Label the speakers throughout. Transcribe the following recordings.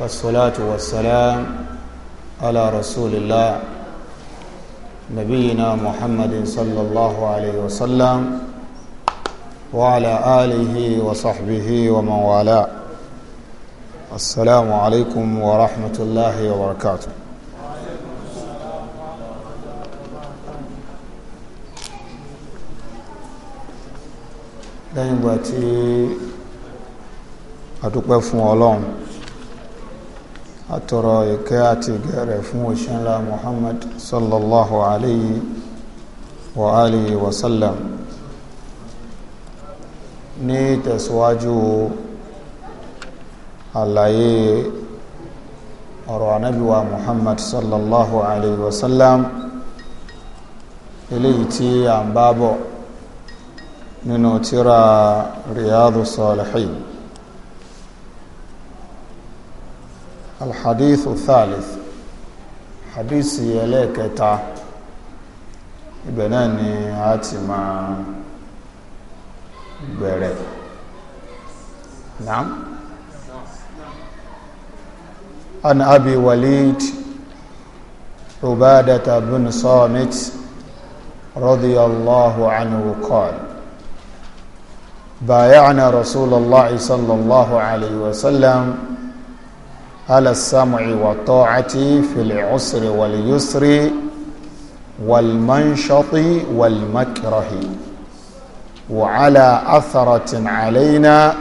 Speaker 1: والصلاة والسلام على رسول الله نبينا محمد صلى الله عليه وسلم وعلى آله وصحبه ومن والاه السلام عليكم ورحمة الله وبركاته لن adúpẹ́ fún ọlọ́run àtọ̀rọ̀ ìkẹ́ àti gẹ̀rẹ̀ fún òṣìṣẹ́lá muhammad sallallahu alayhi wa alihi wa sallam ní tẹ̀síwájú àlàyé ọ̀rọ̀ anábíwa muhammad sallallahu alayhi wa sallam eléyìí tí a ń bá bọ̀ nínú tírà riyadu salihin الحديث الثالث حديث يليك تا náà عاتما a نعم عن أبي وليد عبادة بن صامت رضي الله عنه قال بايعنا رسول الله صلى الله عليه وسلم على السمع والطاعة في العسر واليسر والمنشط والمكره وعلى أثرة علينا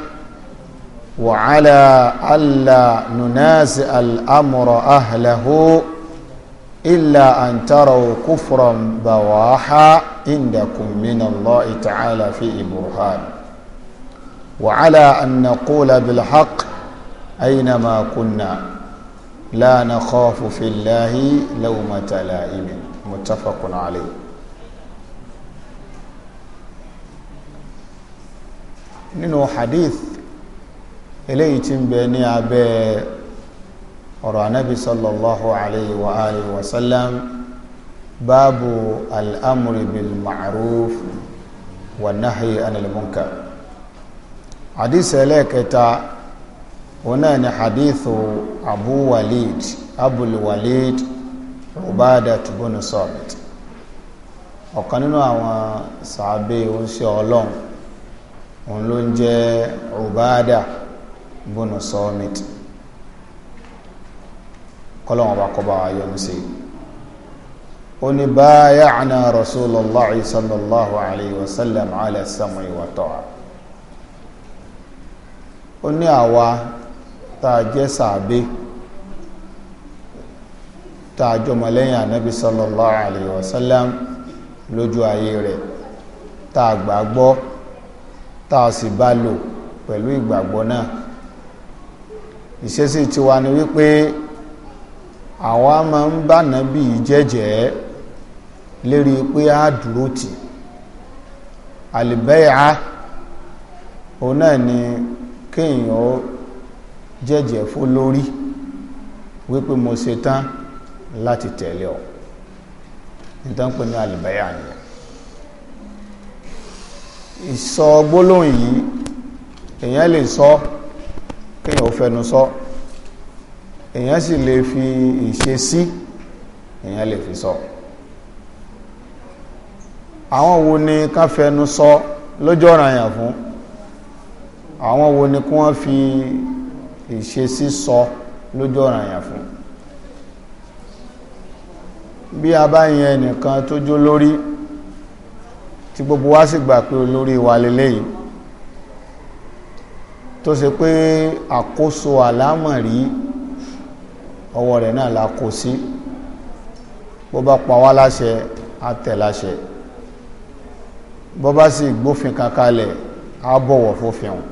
Speaker 1: وعلى ألا ننازع الأمر أهله إلا أن تروا كفرا بواحا عندكم من الله تعالى في برهان وعلى أن نقول بالحق أينما كنا لا نخاف في الله لومة لائم متفق عليه nínú hadith eléyìí tí ń bẹ ní abẹ́ ọ̀rọ̀ anábi sallallahu alayhi wa alihi wa sallam báàbù al'amuri bil ma'ruf wa nahyi anil munkar hadith ẹlẹ́kẹta ona ni hadithu abu walid abul walid ubadat bin sabit ọ̀kan nínú àwọn sàábé oúnṣẹ́ ọlọ́run òun ló ń jẹ́ ubada bin sabit kọ́lọ́wọ́n bá kọ́ bá wa yọ́nú sí i ó ní baya'na rasulullah sallallahu alayhi wa sallam ala sam'i ó ní àwa tá a jẹ́ sàbẹ́ tá a jọmọ lẹ́yìn ànábi sallallahu alayhi wa sallam lójú ayé rẹ̀ tá a gbàgbọ́ tá a sì bá lò pẹ̀lú ìgbàgbọ́ náà ìṣesí tiwa ni wípé àwa máa ń bá nàbí jẹ́jẹ́ lérí pé a dúró tì àlìbẹ́yà òun náà ni kéèyàn jẹ́jẹ́ fó lórí wípé mo ṣe tán láti tẹ̀lé ọ nítorí pé ní alìbáyà nìyẹn ìsọ gbólóhùn yìí èèyàn lè sọ kéèyàn ò fẹnu sọ èèyàn sì lè fi ìṣe sí èèyàn lè fi sọ àwọn wo ni ká fẹnu sọ lójú ọ̀ràn yàn fún àwọn wo ni kí wọ́n fi ìṣesí sọ lójú ọ̀ràn àyàn fún bí a bá yẹn ẹnìkan tó jó lórí tí gbogbo wa sì gbà pé olórí wa lélẹ́yìí tó ṣe pé àkóso àlámọ̀rí ọwọ́ rẹ̀ náà la kò sí bó bá pa wá láṣẹ àtẹ̀láṣẹ bó bá sì gbófin kankalẹ̀ á bọ̀wọ̀ fófin hàn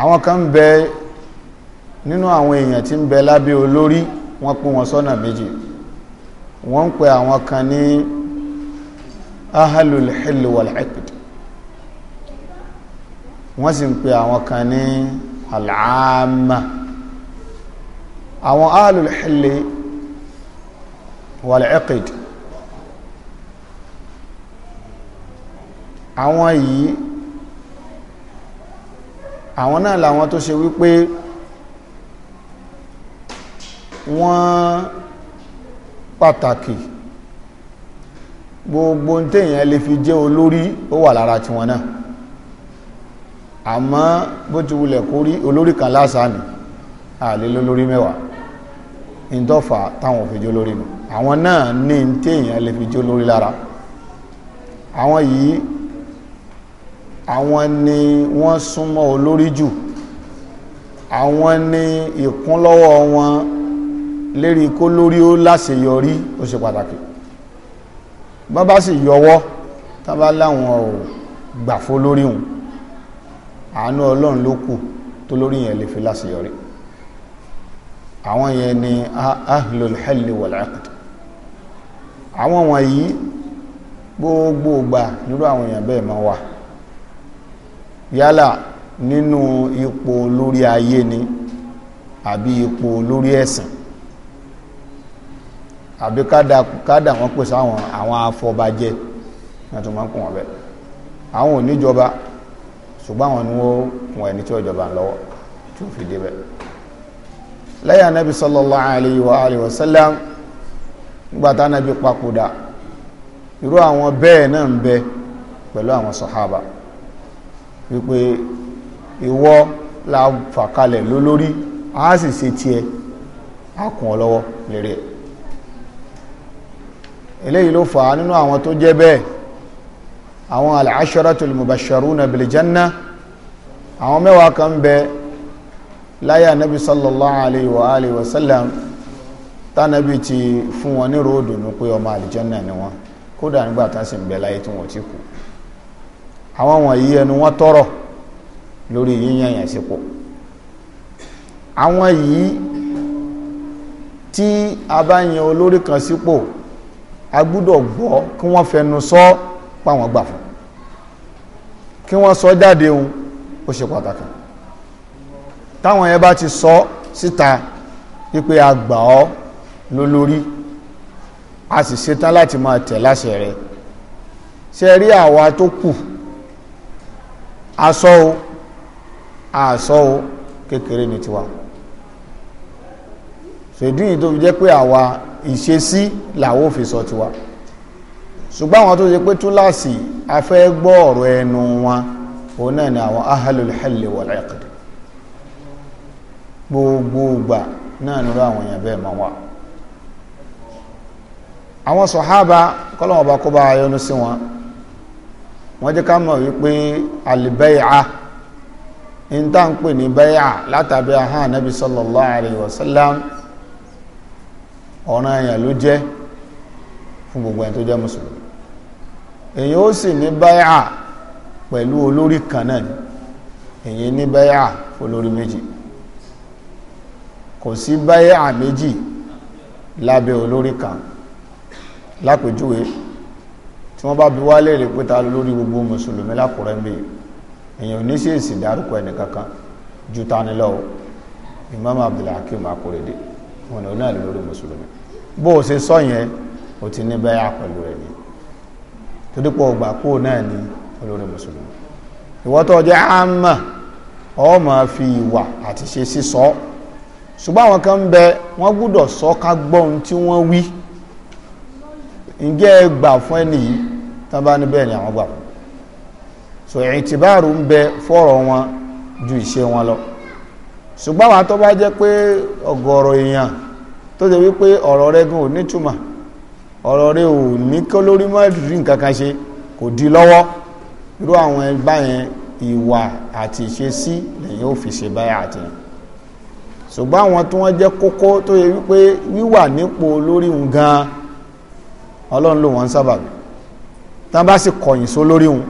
Speaker 1: àwọn kan ń bẹ nínú àwọn èèyàn tí ń bẹ lábẹ́ olórí wọ́n pín wọn sọ́nà méjì wọ́n ń pè àwọn kan ní ahalul wọ́n sì ń pè àwọn kan ní al'amma àwọn ahalul àwọn yìí àwọn náà làwọn tó ṣe wípé wọ́n pàtàkì gbogbo ń tèèyàn lè fi jẹ́ olórí ó wà lára tiwọn náà àmọ́ bó ti wulẹ̀ kó rí olórí kan lásán ni àlè lólórí mẹ́wàá ìdọ́fà táwọn òfin jó nù àwọn náà ní tèèyàn lè fi jó lórí lára àwọn yìí àwọn ni wọ́n súnmọ́ olórí jù àwọn ni ìkúnlọ́wọ́ wọn lérí kó lórí ó láṣeyọrí ó ṣe pàtàkì bọ́n bá sì yọwọ́ tán bá láwọn ò gbàfó lórí hùn àánú ọlọ́run ló kù tó lórí yẹn lè fi láṣeyọrí àwọn yẹn ni ahlul halli àwọn wọ̀nyí gbogbo nírú àwọn èèyàn bẹ́ẹ̀ máa wà yálà nínú ipò lórí ayé ni àbí ipò lórí ẹ̀sìn àbí kádà wọn pèsè àwọn àwọn afọbajẹ náà máa ń kún wọn àwọn ò ṣùgbọ́n àwọn ni wọ́n kún ẹni tí ìjọba lọ́wọ́ tí ó fi débẹ̀ lẹ́yìn anábì wa alayhi anábì papòdà irú àwọn bẹ́ẹ̀ náà ń bẹ pẹ̀lú àwọn wípé ìwọ la fà kalẹ̀ lólórí a sì ṣe tiẹ̀ a kùn ọ lọ́wọ́ lérí ẹ̀ eléyìí ló fà á nínú àwọn tó jẹ́ bẹ́ẹ̀ àwọn al-asharatul mubashsharuna bil janna àwọn mẹ́wàá kan bẹ láyé anabi sallallahu alayhi wa alayhi wa sallam tánàbí ti fún wọn ní ròdùnú pé ọmọ àlìjánná ni wọn kódà nígbà tán sì ń bẹ láyé tí wọn ti kú àwọn wọ̀nyí ẹnu wọn tọrọ lórí yíyan yàn sípò àwọn yìí tí a bá yan olórí kan sípò a gbúdọ̀ gbọ́ kí wọ́n fẹnu sọ páwọn gbà fún kí wọ́n sọ jáde òun ó ṣe pàtàkì táwọn yẹn bá ti sọ síta wípé a gbà ọ́ lólórí a sì ṣetán láti máa tẹ̀ láṣẹ rẹ̀ ṣe rí àwa tó kù asọ́ o kekere o kékeré ni tiwa ṣèdí yìí tó fi jẹ́ pé àwa ìṣesí làwọn fi sọ tiwa ṣùgbọ́n àwọn tó ṣe pé túláàsì afẹ́ gbọ́ ọ̀rọ̀ ẹnu wọn òun náà ni àwọn ahlul halli wal gbogbogbà náà nírú àwọn èèyàn bẹ́ẹ̀ máa wà wọ́n jẹ́ ká mọ̀ wípé alìbẹ́yà ń tá ń pè ní bẹ́yà látàbí ahán anábì sallallahu alayhi wa sallam ọ̀ràn èèyàn ló jẹ́ fún gbogbo ẹni tó jẹ́ mùsùlùmí èèyàn ó sì ní bẹ́yà pẹ̀lú olórí kan náà ni èèyàn ní bẹ́yà olórí méjì kò sí bẹ́yà méjì lábẹ́ olórí kan lápèjúwe tí wọ́n bá bi wá léèrè pé ta lórí gbogbo mùsùlùmí lákùrẹ́ ń bè èèyàn ò ní sí èsì dárúkọ ẹnì kankan ju tani Imam Abdulhakeem Akorede wọn ò náà lórí mùsùlùmí bó o ṣe sọ yẹn o ti ní bẹ́yà pẹ̀lú rẹ̀ ni torí pé ọgbà kó náà ni olórí mùsùlùmí ìwọ́tọ̀ jẹ́ àmà ọ máa fi ìwà àti ṣe sísọ ṣùgbọ́n àwọn kan ń bẹ wọ́n gbúdọ̀ sọ ká gbọ́ tí wọ́n wí ǹjẹ́ ẹ gbà fún ẹni yìí ní bẹ́ẹ̀ ni àwọn gbà so ìtìbáàrù ń bẹ fọ́rọ̀ wọn ju ìṣe wọn lọ ṣùgbọ́n àwọn tó bá jẹ́ pé ọ̀gọ̀rọ̀ èèyàn tó ṣe wípé ọ̀rọ̀ rẹ gan ò nítumọ̀ ọ̀rọ̀ rẹ ò ní kọ́ lórí mọ́ rí nǹkan kan ṣe kò di lọ́wọ́ irú àwọn ẹgbà yẹn ìwà àti ìṣesí lẹ́yìn ò fi ṣe báyà àti yẹn ṣùgbọ́n àwọn tí wọ́n jẹ́ kókó tó yẹ wípé wíwà nípò lórí nǹkan ọlọ́run ló wọ́n sábàbí tán bá sì kọ̀yìn só lórí wọn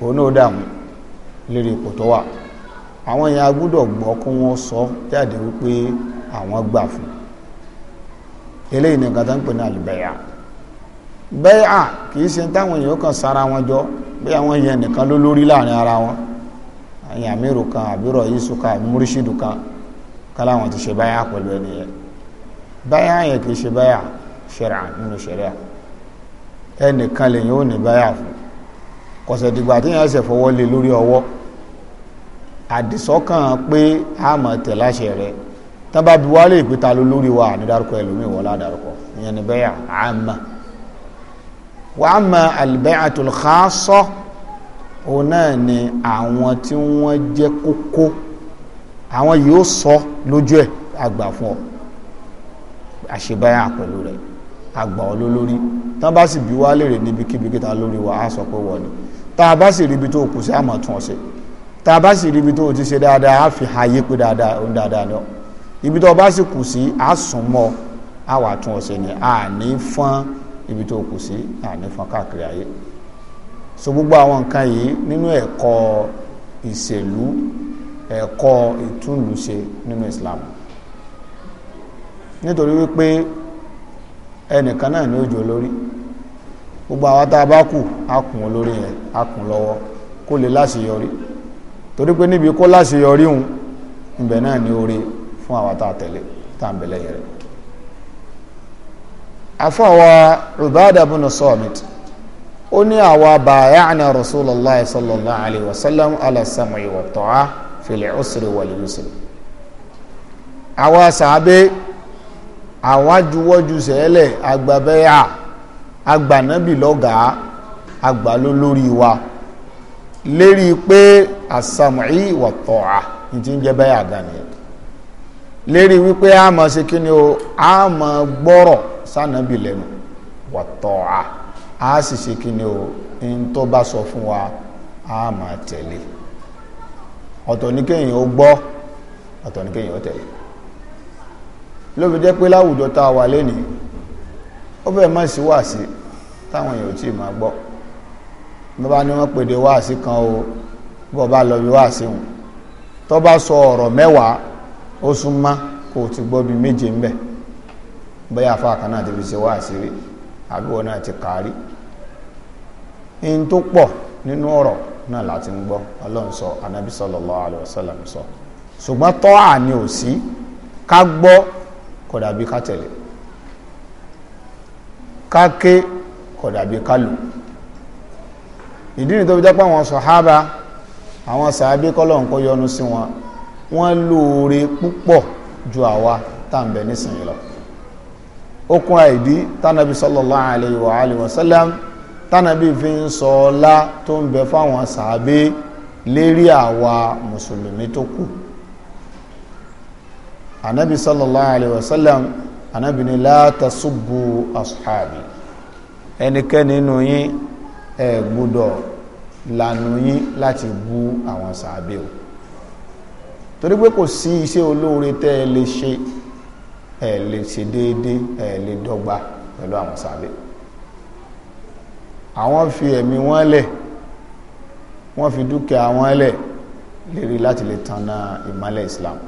Speaker 1: òun náà dààmú lérí ipò tó wà àwọn èèyàn agbúdọ̀ gbọ́ kó wọ́n sọ jáde wípé àwọn gbà fún eléyìí nìkan tó ń pè ní àlùbẹ̀yà bẹ́yà kìí ṣe táwọn èèyàn kan sára wọn jọ bí àwọn èèyàn nìkan ló lórí láàrin ara wọn àyìn àmírù kan àbírọ̀ yíṣu kan àmúrísìdù kan ti ṣe báyà pẹ̀lú ẹni yẹn báyà yẹn kìí ṣe báyà ṣẹ̀rà nínú ṣẹ̀rà ẹnìkan lèyìn ò ní báyà fún kọ̀sẹ̀ dìgbà tí yẹn ṣẹ̀ fọwọ́ lé lórí ọwọ́ àdìsọ́kàn pé a mọ̀ tẹ̀ láṣẹ rẹ̀ tán bá bi wálé ìpìta ló lórí wa ànídárúkọ ẹlòmíì wọ́n ládàrúkọ ìyẹn ni báyà àmà wà á mọ al-bay'atul khassa òun náà ni àwọn tí wọ́n jẹ́ kókó àwọn yóò sọ lójú ẹ̀ àgbà fún ọ àṣebáyà pẹ̀lú rẹ̀ àgbà olólórí tán bá sì bí wá lèrè níbi kíbi kíta lórí wa á sọ pé wọ́n ni tá a bá sì ríbi tó kù sí àmọ̀ tún ọ̀sẹ̀ tá a bá sì ríbi tó ti ṣe dáadáa á fi ayé pé dáadáa òun dáadáa ni ọ ibi tó bá sì kù sí á sùn mọ́ á wà tún ọ̀sẹ̀ ni à ní fọ́n ibi tó kù sí à ní fọ́n káàkiri ayé so gbogbo àwọn nǹkan yìí nínú ẹ̀kọ́ ìṣèlú ẹ̀kọ́ ìtúnlùṣe nínú Islam nítorí wípé ẹnìkan náà ni ó jò lórí gbogbo àwọn tá a bá kù á kùn olórí yẹn á kùn lọ́wọ́ kó lè láṣeyọrí torí pé níbi kó láṣeyọrí òun ibẹ̀ náà ni oore fún àwọn tá a tẹ̀lé tá a ń bẹ̀lẹ̀ yẹn rẹ̀ afọwọ́ Ubadah ibn Samit ó ní àwa bàyáàna Rasulullah sallallahu alayhi wa sallam ala sam'i wa ta'a fil usri wal àwa àwọn ajuwọ́jú sẹ́lẹ̀ agbábẹ́yà agbànábì lọ́gàá àgbà ló wa lérí pé àsàmùí wà tọ̀ọ̀à ní ti ń jẹ́ bẹ́yà gani lérí wípé a o a máa gbọ́rọ̀ sànábì lẹ́nu a sì ṣe kí o n tó bá sọ fún wa a máa tẹ̀lé ọ̀tọ̀ ní kéèyàn ó gbọ́ ọ̀tọ̀ ní ó ló fi jẹ́ pé láwùjọ tá a wà lénìí ó fẹ́ má sí wàásí táwọn èèyàn ò tí ì máa gbọ́ bí bá ní wọ́n pèdè wàásí kan o bọ́ bá lọ bí wàásí wọn tó bá sọ ọ̀rọ̀ mẹ́wàá ó súnmọ́ kó o ti gbọ́ bí méje ń bẹ̀ bóyá afá kan ti fi ṣe wàásí rí àbí wọn náà ti kárí in tó pọ̀ nínú ọ̀rọ̀ náà láti ń gbọ́ ọlọ́run sọ anábì sallallahu alaihi wasallam sọ ṣùgbọ́n tọ́ àní ò ká gbọ́ kódà bí ká tẹ̀lé ká ké kódà bí ká lò ìdí ni tó fi jápá àwọn sọ̀hábà àwọn sàábé kọ́lọ̀ nǹkan yọ́nú sí wọn wọ́n lóore púpọ̀ ju àwa tàǹbẹ̀ nísìnyí lọ okun àìdí tánàbí sallallahu alayhi wa alihi wa sallam tánàbí fi ń sọ ọlá tó ń bẹ fáwọn sàábé lérí àwa mùsùlùmí tó kù anabi sallallahu alayhi wa sallam anabi ni láta ṣubú asuhabi ẹnikẹ́ni nínú yín ẹ gbọ́dọ̀ lànà yín láti bú àwọn sàábẹ́ o torí pé kò sí iṣẹ́ olóore tẹ́ ẹ lè ṣe ẹ lè ṣe déédé ẹ lè dọ́gba pẹ̀lú àwọn sàábẹ́ àwọn fi ẹ̀mí wọn lẹ̀ wọ́n fi dúkìá wọn lẹ̀ lérí láti lè tanná ìmọ́lẹ̀ islam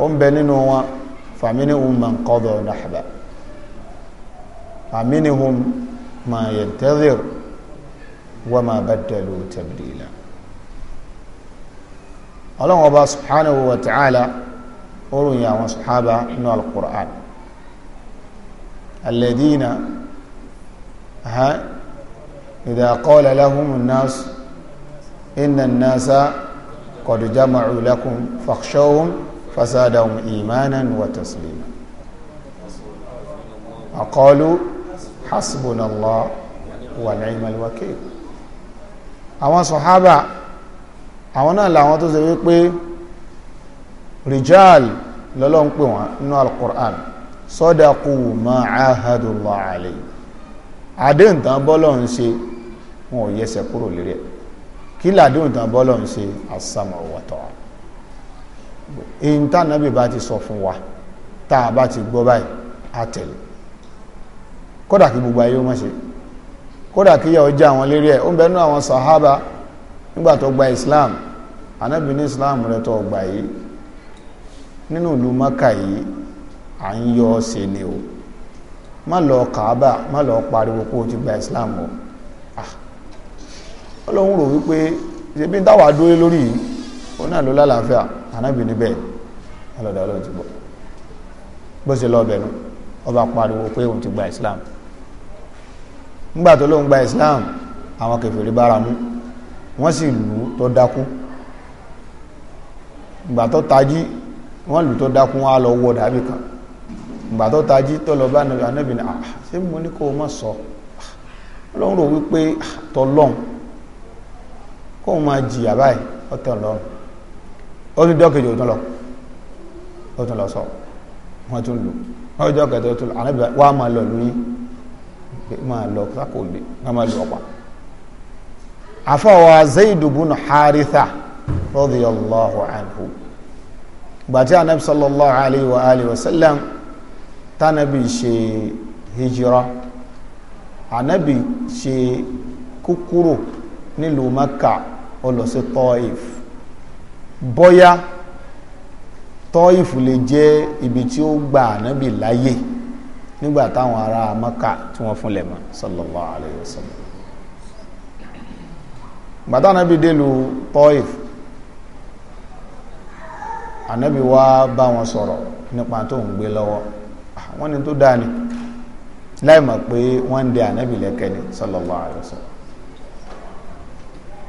Speaker 1: أمبنينوا فامنهم من قضى نحبا فامنهم ما ينتظر وما بدلوا تبديلا الله سبحانه وتعالى قولوا يا أصحاب القرآن الذين ها إذا قال لهم الناس إن الناس قد جمعوا لكم فاخشوهم فزادهم إيمانا وتسليما وقالوا حسبنا الله ونعم الوكيل àwọn sọ̀hábà àwọn náà làwọn tó ṣe wípé rijal lọ́lọ́ ń pè wọ́n nínú alkùrán sọ́dàkù máa áhàdùlọ́ àlè àdéǹtàn bọ́lọ̀ ń ṣe wọn yẹsẹ̀ kúrò lérí kí làdéǹtàn bọ́lọ̀ ń ṣe àsàmọ̀ èyí tá nàbì bá ti sọ fún wa tá a ti gbọ́ báyìí a tẹ̀lé kódà kí gbogbo ayé O ṣe kódà kí yà ọjà àwọn lérí ń bẹ gba Islam anábì ní Islam rẹ̀ tó gbà yìí nínú ìlú Maka yìí à ń yọ ni o má lọ kàábà má lọ pariwo kó o ti gba Islam o ah. ọlọ́run rò wípé ṣe bí anábì níbẹ̀ ọlọ́dọ̀ ọlọ́run ti bọ̀ bó ṣe lọ bẹ̀nu ọba pariwo pé òun ti gba islam nígbà tó lóun gba islam àwọn kèfèrí bára mú wọ́n sì lù ú tó dákú ìgbà tó tají wọ́n lù tó dákú wọn á lọ wọ dàbí kan ìgbà tó tají tó lọ bá anábì ní àà ah, ṣé mo ní kó o má sọ ọlọ́run rò wípé ah, tọlọ́run kóun máa jìyà báyìí ọ̀tọ̀ lọ́run ó tún dọ́kejì òtún lọ ó tún lọ sọ wọ́n tún lù wọ́n tún dọ́kejì òtún lọ ànábì wà máa lọ lóyún pé máa lọ sákò lè wọ́n máa lù ọ̀pá. àfọwọ́ Zaid ibn Haritha radiyallahu anhu gbàtí ànábì sallallahu alayhi wa alihi wa sallam tánàbì ṣe hijira ànábì ṣe kúkúrò nílùú Makka ó lọ sí bọ́yá tọ́ìfù lè jẹ́ ibi tí ó gba ànábì láyé nígbà táwọn ará mọ́kà tí wọ́n fúnlẹ̀ mọ́ sallallahu alayhi wa sallam gbàtà ànábì délu tọ́ìfù ànábì wá bá wọn sọ̀rọ̀ nípa tó ń gbé lọ́wọ́ ah, wọ́n ní tó dáa ni láì mọ̀ pé wọ́n ń de ànábì lẹ́kẹ́ ni sallallahu alayhi wa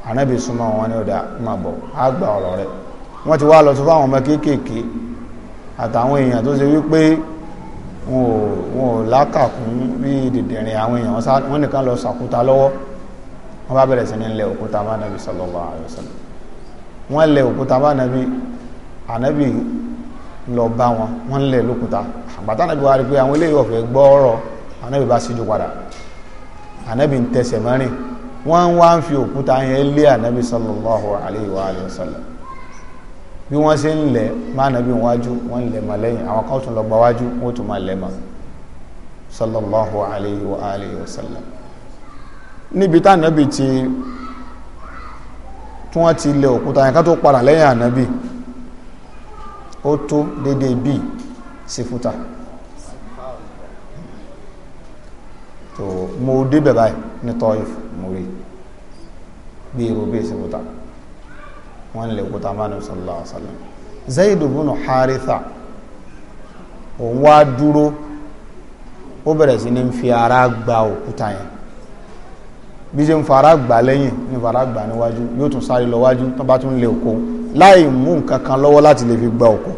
Speaker 1: ànábì suma wọn ní ọ̀dà máa bọ̀ á gba ọ̀rọ̀ rẹ̀ wọ́n ti wá lọ sọ fáwọn ọmọ kéékèèké àtàwọn èèyàn tó ṣe wípé wọn ò wọn ò lákàkún bí dìdìrín àwọn èèyàn wọn nìkan lọ sàkúta lọ́wọ́ wọ́n bá bẹ̀rẹ̀ sí ní lẹ̀ òkúta bá nàbì sallallahu alaihi wasallam wọ́n lẹ̀ òkúta bá nàbì ànábì lọ bá wọn wọ́n lẹ̀ lókúta àgbàtà nàbì wà rí pé àwọn eléyìí ọ̀fẹ́ gbọ́ ọ̀rọ̀ ànábì bá síjú padà ànábì ń tẹsẹ̀ mẹ́rin wọ́n wá ń fi òkúta yẹn lé ànábì sallallahu alayhi wa alayhi wa sallam bí wọ́n ṣe ń lẹ̀ má ànábì wájú wọ́n lẹ̀ mọ́ lẹ́yìn àwọn kan tún lọ gba wájú wọ́n tún máa lẹ̀ mọ́ sallallahu alayhi wa alayhi wa sallam níbi tá ànábì ti tí wọ́n ti lẹ̀ òkúta yẹn ká tó padà lẹ́yìn ànábì ó tó déédéé bíi sífúta tó mo débẹ̀ báyìí ní tọ́yìí múrí bí irú bí ìsìnkúta wọ́n lè kúta mánu sallallahu alaihi wasallam Zaid ibn Haritha òun wá dúró ó bẹ̀rẹ̀ sí ní fi ara gba òkúta yẹn bí ṣe ń fara gbà lẹ́yìn ní fara gbà níwájú yóò tún sáré lọ wájú tó bá tún lè oko láì mú nǹkan kan lọ́wọ́ láti lè fi gba oko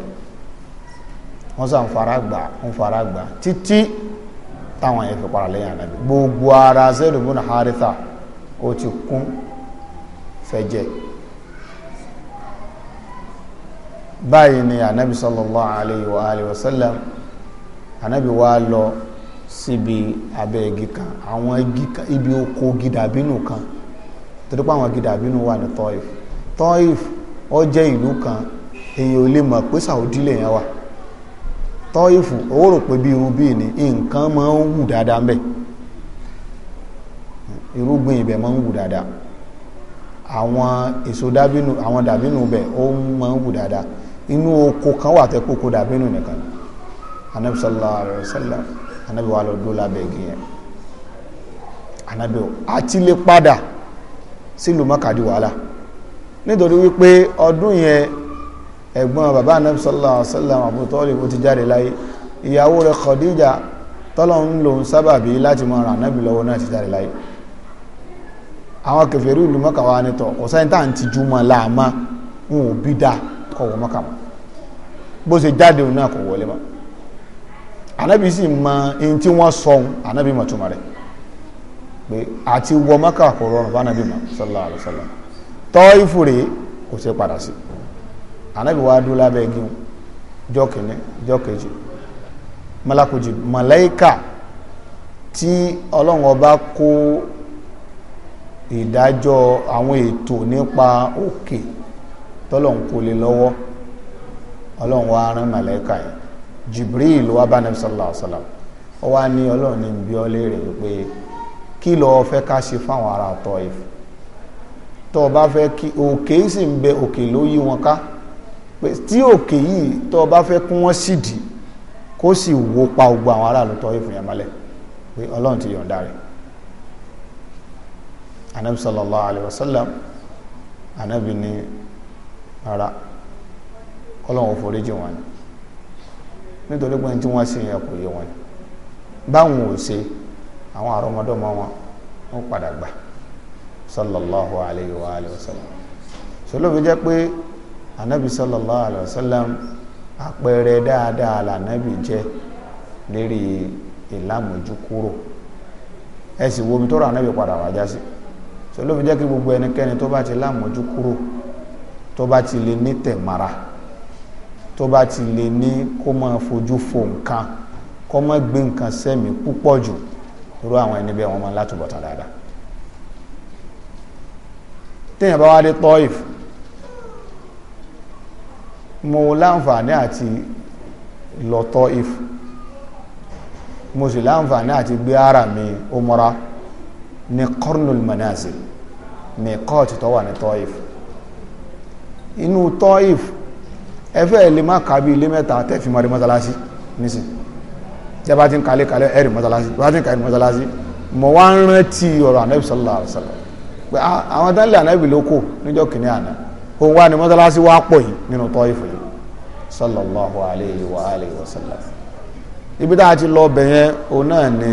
Speaker 1: wọ́n sàn fara gbà ń fara gbà títí táwọn yẹn fi para lẹ́yìn ànábì gbogbo ara Zaid ibn Haritha ó ti kún fẹ̀jẹ̀ báyìí ni anabi sallallahu alayhi wa alayhi wa sallam anabi wa lọ síbi abẹ́ igi kan àwọn igi kan ibi oko gidabinu kan torí pé àwọn gidabinu wà ní Taif Taif ó jẹ́ ìlú kan èyàn ò lè mọ̀ pé Saudi lè yẹn wà Taif ó rò pé bí irú bíi ni nǹkan máa ń wù dáadáa ń irúgbìn ibẹ̀ máa ń wù dáadáa àwọn èso dábínú àwọn dàbínú bẹ̀ ó máa ń wù dáadáa inú oko kan wà tẹ́ kókó dàbínú nìkan anabi sallallahu alayhi wa sallam anabi wa lọ dúró lábẹ́ igi yẹn anabi o àti lè padà sílùú mọ́kàdí wàhálà nítorí wípé ọdún yẹn ẹ̀gbọ́n bàbá anabi sallallahu alayhi wa sallam Abu Talib ó ti jáde láyé ìyàwó rẹ̀ Khadija tọ́lọ́ ń lòun sábàbí láti mọ ara anabi lọ́wọ́ náà ti jáde láyé àwọn kẹfẹ́rí ìlú mọ́kà wa ni tọ̀ ọ̀sẹ́ni tá à ń tijú mọ́ láàmá ń ò bí dáa kọ̀ wọ́n mọ́kà mọ́ bó ṣe jáde òun náà kò wọlé mọ́ ànábì sì mọ ẹni tí wọ́n sọ ohun ànábì mọ̀ túmọ̀ rẹ̀ pé àti wọ mọ́kà kò rọrùn fún ànábì mọ́ sallallahu alaihi wasallam tọ́ ìfòrè kò ṣe padà sí ànábì wa dúró lábẹ́ igi jọ́ kìíní jọ́ kejì malakuji malaika tí ọlọ́run ọba kó ìdájọ́ àwọn ètò nípa òkè tọ́lọ̀n kò lè lọ́wọ́ ọlọ́run wa rán màlẹ́kà yìí Jibril wa bá nàbí sallallahu alaihi wasallam ó wá ní ọlọ́run ní bí ọ léèrè wípé kí lọ fẹ́ ká ṣe fáwọn ará tọ́ ìfẹ́ tó o bá fẹ́ kí òkè sì ń bẹ òkè ló yí wọn ká pé tí òkè yìí tó o bá fẹ́ kún wọ́n sì dì kó sì wó pa gbogbo àwọn aráàlú tọ́ ìfẹ́ yẹn mọ́lẹ̀ pé ọlọ́run ti yọ̀ǹda rẹ̀ anabi sallallahu alayhi wa sallam anabi ni ara kọlọ́wọ́ foríjì wọn nítorí pé tí wọ́n sì yẹ kò yé wọn báwọn ò ṣe àwọn àrọ́mọdọ́mọ wọn ó padà gbà sallallahu alayhi wa alayhi wa sallam sọlọ́bi jẹ́ pé anabi sallallahu alayhi wa sallam àpẹẹrẹ dáadáa lànàbì jẹ́ lérí ìlàmójúkúrò ẹ sì wo omi tó rà anabi padà wájá sí i so ló fi jẹ́ kí gbogbo ẹnikẹ́ni tó bá ti lámọ̀jú kúrò tó bá ti lè ní tẹ̀mára tó bá ti lè ní kó máa fojú fo nǹkan kó máa gbé nǹkan sẹ́mi púpọ̀ jù irú àwọn ẹni bẹ́ẹ̀ wọ́n máa látúbọ̀tán dáadáa téèyàn bá wá dé tọ́ìf mo láǹfààní àti lọ tọ́ìf mo sì láǹfààní àti gbé ara mi ó mọ́ra ní Qarnul Manazil ní kọ́ọ̀tù tó wà ní Taif inú Taif ẹfẹ́ lè má kàbí ilé mẹ́ta tẹ́fì mọ́rí mọ́sálásí nísìn tẹ́ bá ti ń kalẹ̀ kalẹ̀ ẹ̀rì mọ́sálásí bá ti ń kalẹ̀ mọ́sálásí mọ̀ wá ń rántí ọ̀rọ̀ Ànábì sallallahu alaihi wasallam pé ah, àwọn tánlẹ̀ Ànábì ló kò níjọ́ kìíní àná òun wá ní mọ́sálásí wá pọ̀ yìí nínú Taif yìí sallallahu alaihi wa alihi wasallam ibi tá ti lọ bẹ̀yẹn òun náà ni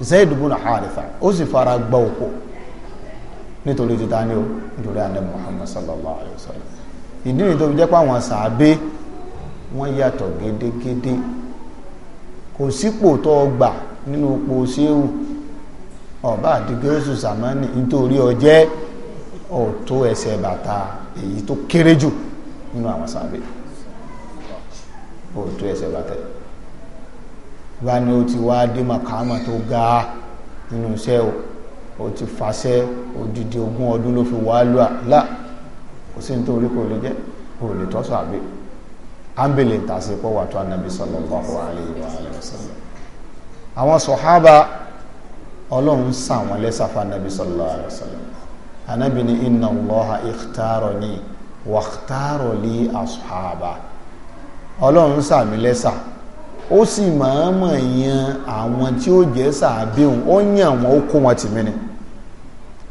Speaker 1: Zaid ibn Haritha ó sì fara gbọ́ òkú nítorí títa ní o nítorí Ànábì Muhammad sallallahu alayhi wa sallam ìdí nìyí tó fi jẹ́ pé àwọn sàábé wọ́n yàtọ̀ gédégédé kò sípò tó gbà nínú ipò ṣéwù ọba àti sàmánì nítorí ọjẹ́ ọ̀tọ̀ ẹsẹ̀ bàtà èyí tó kéré jù nínú àwọn sàábé ọ̀tọ̀ ẹsẹ̀ bàtà yìí bá ní o ti wá dé màkàmà tó ga nínú iṣẹ́ o o ti fàṣẹ odidi ogún ọdún ló fi wá lọ́à là kò sí nítorí kò lè jẹ́ kò lè tọ́sọ̀ àbí ámbìlì tàṣí pọ̀ wà tó ànábì sallallahu alaihi wa sallam àwọn sọ̀hábà ọlọ́run sàn wọ́n lẹ́sàfà ànábì sallallahu alaihi wa ní inna Allaha ikhtarani wa ikhtara li ashaba ọlọ́run sàmì lẹ́sà ó sì mọ̀ọ́mọ̀ yan àwọn tí ó jẹ́ sàbíhùn ó yàn wọ́n ó kó wọn tì mí ni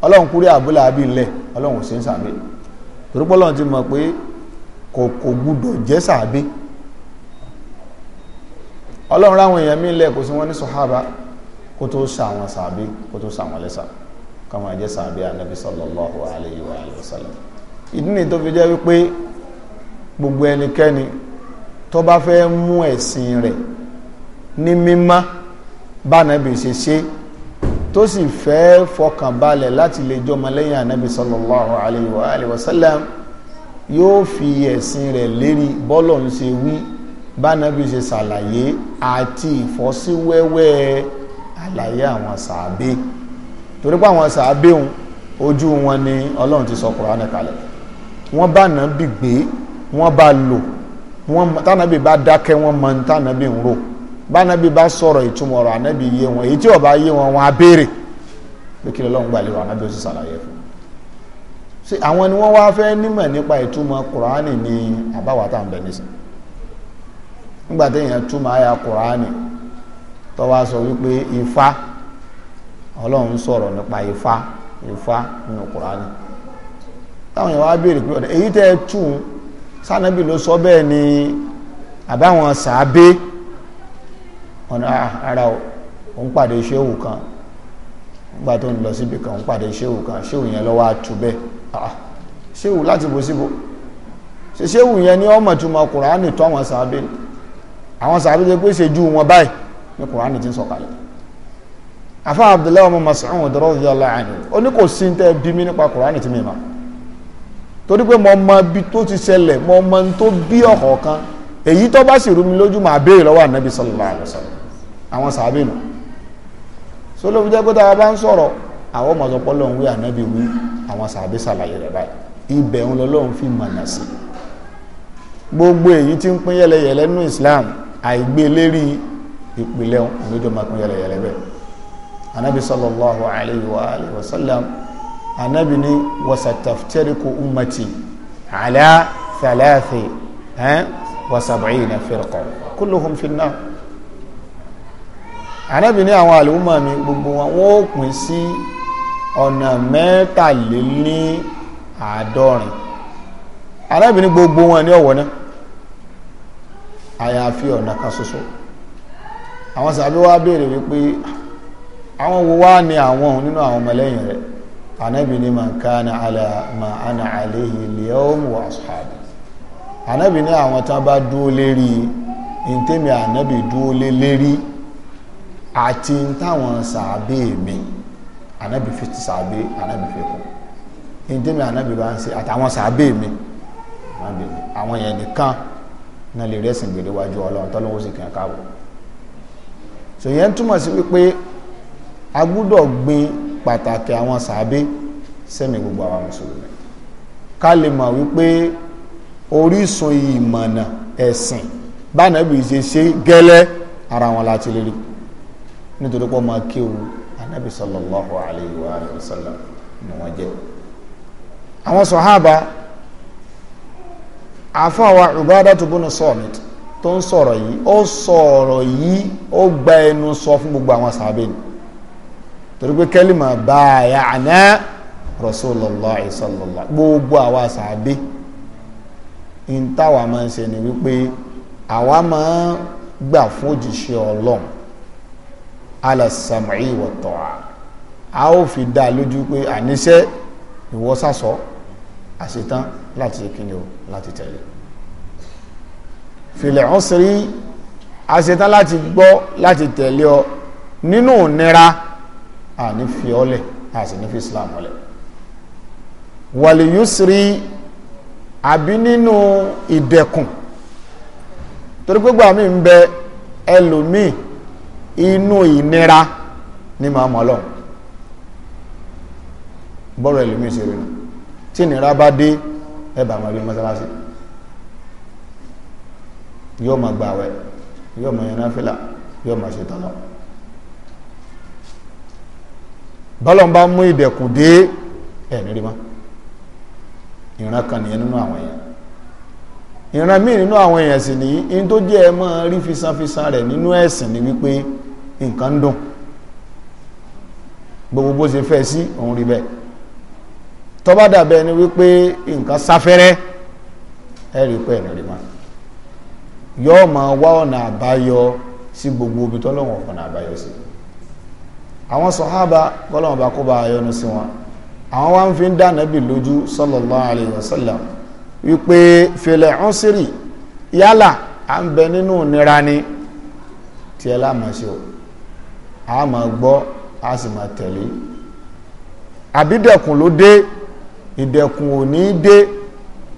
Speaker 1: ọlọ́run kúrí àbúlà àbí ńlẹ̀ ọlọ́run sí ń sàbí torípọ́ ọlọ́run ti mọ̀ pé kò kò gbúdọ̀ jẹ́ sàbí ọlọ́run ráwọn èèyàn mí lẹ̀ kò sí wọ́n ní sọ̀hábà kó tó sàwọn sàbí kó tó sàwọn lẹ́sà kọ́mọ jẹ́ sàbí anabi sallallahu alayhi wa sallam ìdí ni tó fi jẹ́ wípé gbogbo ẹnikẹ́ni tó bá fẹ́ mú ẹ̀sìn rẹ̀ ní mímọ́ bánabi ṣe ṣe tó sì fẹ́ fọkàn balẹ̀ láti lè jọmọ lẹ́yìn ànábì sallallahu alayhi wa alayhi wa sallam yóò fi ẹ̀sìn rẹ̀ lérí bọ́lọ̀ ń ṣe wí bánabi ṣe ṣàlàyé àti ìfọ́síwẹ́wẹ́ àlàyé àwọn sàábé torí pé àwọn sàábé òun ojú wọn ni ọlọ́run ti sọ Kùránì kalẹ̀ wọ́n bá nàbì gbé wọ́n bá lò wọn tànàbí bá dákẹ́ wọn mọ tànàbí ń rò bánàbí bá sọ̀rọ̀ ìtumọ̀ ọ̀rọ̀ ànábì yé wọn èyí tí ó yé wọn wọn á béèrè lọ́wọ́n gbà lérò ànábì ó sì fún àwọn ni wọ́n wá fẹ́ nímọ̀ nípa ìtumọ̀ kùránì ní àbáwátà ń bẹ nísìn nígbà téèyàn túmọ̀ àyà kùránì sọ wípé ifá ọlọ́run sọ̀rọ̀ nípa ifá ifá nínú kùránì táwọn wá béèrè pé sanabi ló sọ bẹ́ẹ̀ ni àbáwọn sàábé ọ̀nà ah, ara òun pàdé ṣéwù kan nígbà tó ń lọ síbi kan òun pàdé ṣéwù kan ṣéwù yẹn ló wá tú bẹ́ẹ̀ ah, ṣéwù láti bo síbo ṣe ṣéwù yẹn ni ọmọ túmọ̀ kùránì tó àwọn sàábé àwọn sàábé jẹ́ pé ṣe ju wọn báyìí ní kùránì ti ń sọ̀kalẹ̀ àfáà Abdullahi ọmọ Mas'ud radiyallahu anhu ó ní kò sí ní tẹ́ bí mi nípa kùránì tí mi máa torí pé mo mọ ibi tó ti ṣẹlẹ̀ mo mọ ohun tó bí ọ̀kọ̀ kan èyí tó bá sì rú mi lójú màá béèrè lọ́wọ́ ànábì sallallahu alaihi wasallam àwọn sàábì nù sólóbi jẹ́ pé tá a bá ń sọ̀rọ̀ àwọn mọ̀sọ̀pọ̀ lọ́hùn wí ànábì wí àwọn sàábì sàlàyé rẹ̀ báyìí ibẹ̀ ń lọ lọ́hùn fi mọ̀nà sí gbogbo èyí tí ń pín yẹlẹyẹlẹ nínú Islam àìgbé lérí ìpìlẹ̀ òun lójó máa pín yẹlẹyẹlẹ bẹ́ẹ̀ ànábì sallallahu alaihi wa alihi wa sallam anabi ni wasataftariku ummati ala thalathi ẹn eh, wasabaina firqa kulluhum finna anabi ni àwọn àlùmọ́ mi gbogbo wọn wọ́n pín sí ọ̀nà mẹ́tàléní àádọ́rin anabi ni gbogbo wọn ní ọ̀wọ́ náà àyàfi ọ̀nà kan ṣoṣo àwọn sàbí wa béèrè wípé àwọn wo wá ní àwọn nínú àwọn ọmọlẹ́yìn rẹ̀ anabi ni man kana ala ma ana alayhi al-yawm wa ashabi anabi ni àwọn tán bá dúó lérí ntẹ́mi anabi dúó lé lérí àti táwọn sàábé mi anabi fi ti sàábé anabi fi kún ntẹ́mi anabi bá ń ṣe àtàwọn sàábé mi àwọn yẹn nìkan náà lè rẹ́sìn gbèrè wájú ọlọ́run tọ́lọ́wọ́ sì kàn káàbọ̀ so yẹn túmọ̀ sí wípé a gbin pàtàkì àwọn sàábé sẹ́mi gbogbo àwọn mùsùlùmí ká lè mọ̀ wípé orísun ìmọ̀nà ẹ̀sìn bánàbì ṣe ṣe gẹ́lẹ́ ara wọn láti lérí nítorí pé ọmọ kéwu anábì sallallahu alayhi wa sallam ni wọ́n jẹ́ àwọn sọ̀hábà àfọwà Ubadatu bunu Samit tó ń sọ̀rọ̀ yìí ó sọ̀rọ̀ yìí ó gba ẹnu sọ fún gbogbo àwọn sàábé ni torí pé kẹ́lìmọ̀ bá a yà àná Rasulullah sallallahu gbogbo àwa sàbí n táwa máa ń ṣe ni wípé àwa máa gbà fún òjìṣẹ́ ọlọ́run alàsàmì ìwọ̀tọ̀ a ó fi dá a lójú pé àníṣe ìwọ sàsọ àṣetán láti kíni o láti tẹ̀lé fìlẹ̀ ọ̀sẹ̀rí àṣetán láti gbọ́ láti tẹ̀lé ọ nínú ìnira. No, àní fi ọlẹ̀ àti ní fi islam ọlẹ̀ wàlì yusri àbí nínú ìdẹ̀kùn torí gbogbo àmì ń bẹ ẹlòmíì inú ìnira ní màá mọ̀ ọlọ́run bọ́rọ̀ ẹlòmíì ṣe rí nù tí ìnira bá dé ẹ bá máa rí mọ́sálásí yóò máa gbààwẹ̀ yóò máa yan bọ́lọ̀ ń bá mú ìdẹ̀kùn dé ẹ̀ nírí ìran kan nìyẹn nínú àwọn èèyàn ìran míì nínú àwọn èèyàn sì ní in tó jẹ́ ẹ rí fisanfisan rẹ̀ nínú ẹ̀sìn ni wípé nǹkan ń dùn gbogbo bó ṣe fẹ́ sí òun rí ni wípé nǹkan sáfẹ́rẹ́ ẹ rí pé ẹ̀rẹ̀ rí mọ́ ọ máa wá ọ̀nà gbogbo omi tọ́lọ́wọ̀n ọ̀nà àbáyọ sí i àwọn sọ̀hábà kọ́lọ́wọ́n bá kó bá yọ́nú sí wọn àwọn wá ń fi ń dá nàbì lójú sallallahu alayhi wa sallam wípé fèlè ń sírì yálà à ń bẹ nínú nira ni tí ẹ láàmà ṣe o a máa gbọ́ a sì máa tẹ̀lé àbídẹ̀kùn ló dé ìdẹ̀kùn ò ní dé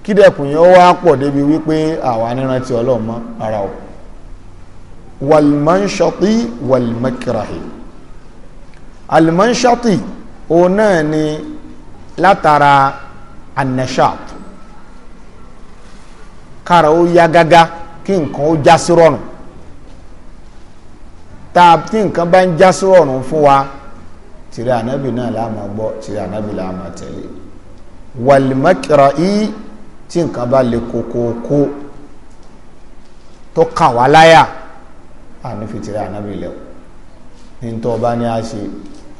Speaker 1: kídẹ̀kùn yẹn wá pọ̀ débi wípé àwa nírántí ọlọ́mọ ara o wàlmọ́ńṣọ́tì wàlmọ́kìràhìn alimanshati òun náà ni látara anashat kára ó yá gágá kí nǹkan ó já sí rọrùn tá a tí nǹkan bá ń já sí rọrùn fún wa tìrẹ ànábì náà la máa gbọ́ tìrẹ ànábì la máa tẹ̀lé yìí tí nǹkan bá le kókókó tó kà wá láyà àní fìtìrẹ ànábì lẹ́wọ̀ ní tó bá ní a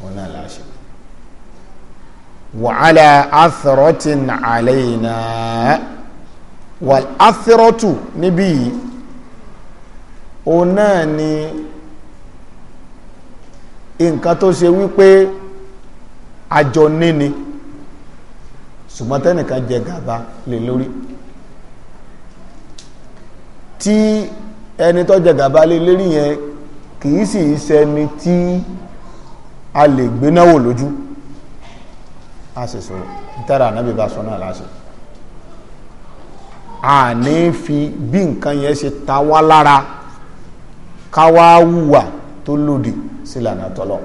Speaker 1: òun náà la ṣe wàhálà athọ́rọ́tì nàálẹ́ yìí náà wà athọ́rọ́tù níbí yìí òun náà ni nǹkan tó ṣe wípé àjọ níni ṣùgbọ́n jẹ gàba lè lórí tí ẹni tó jẹ gàba lè lórí yẹn kìí sì ṣẹni tí. Ti a lè gbénáwò lójú a sì sọ̀rọ̀ tẹ́ra ànábì bá sọ náà láṣẹ a ní fi bí nǹkan yẹn ṣe ta wá lára ká wá tó lòdì sílànà tọ́lọ̀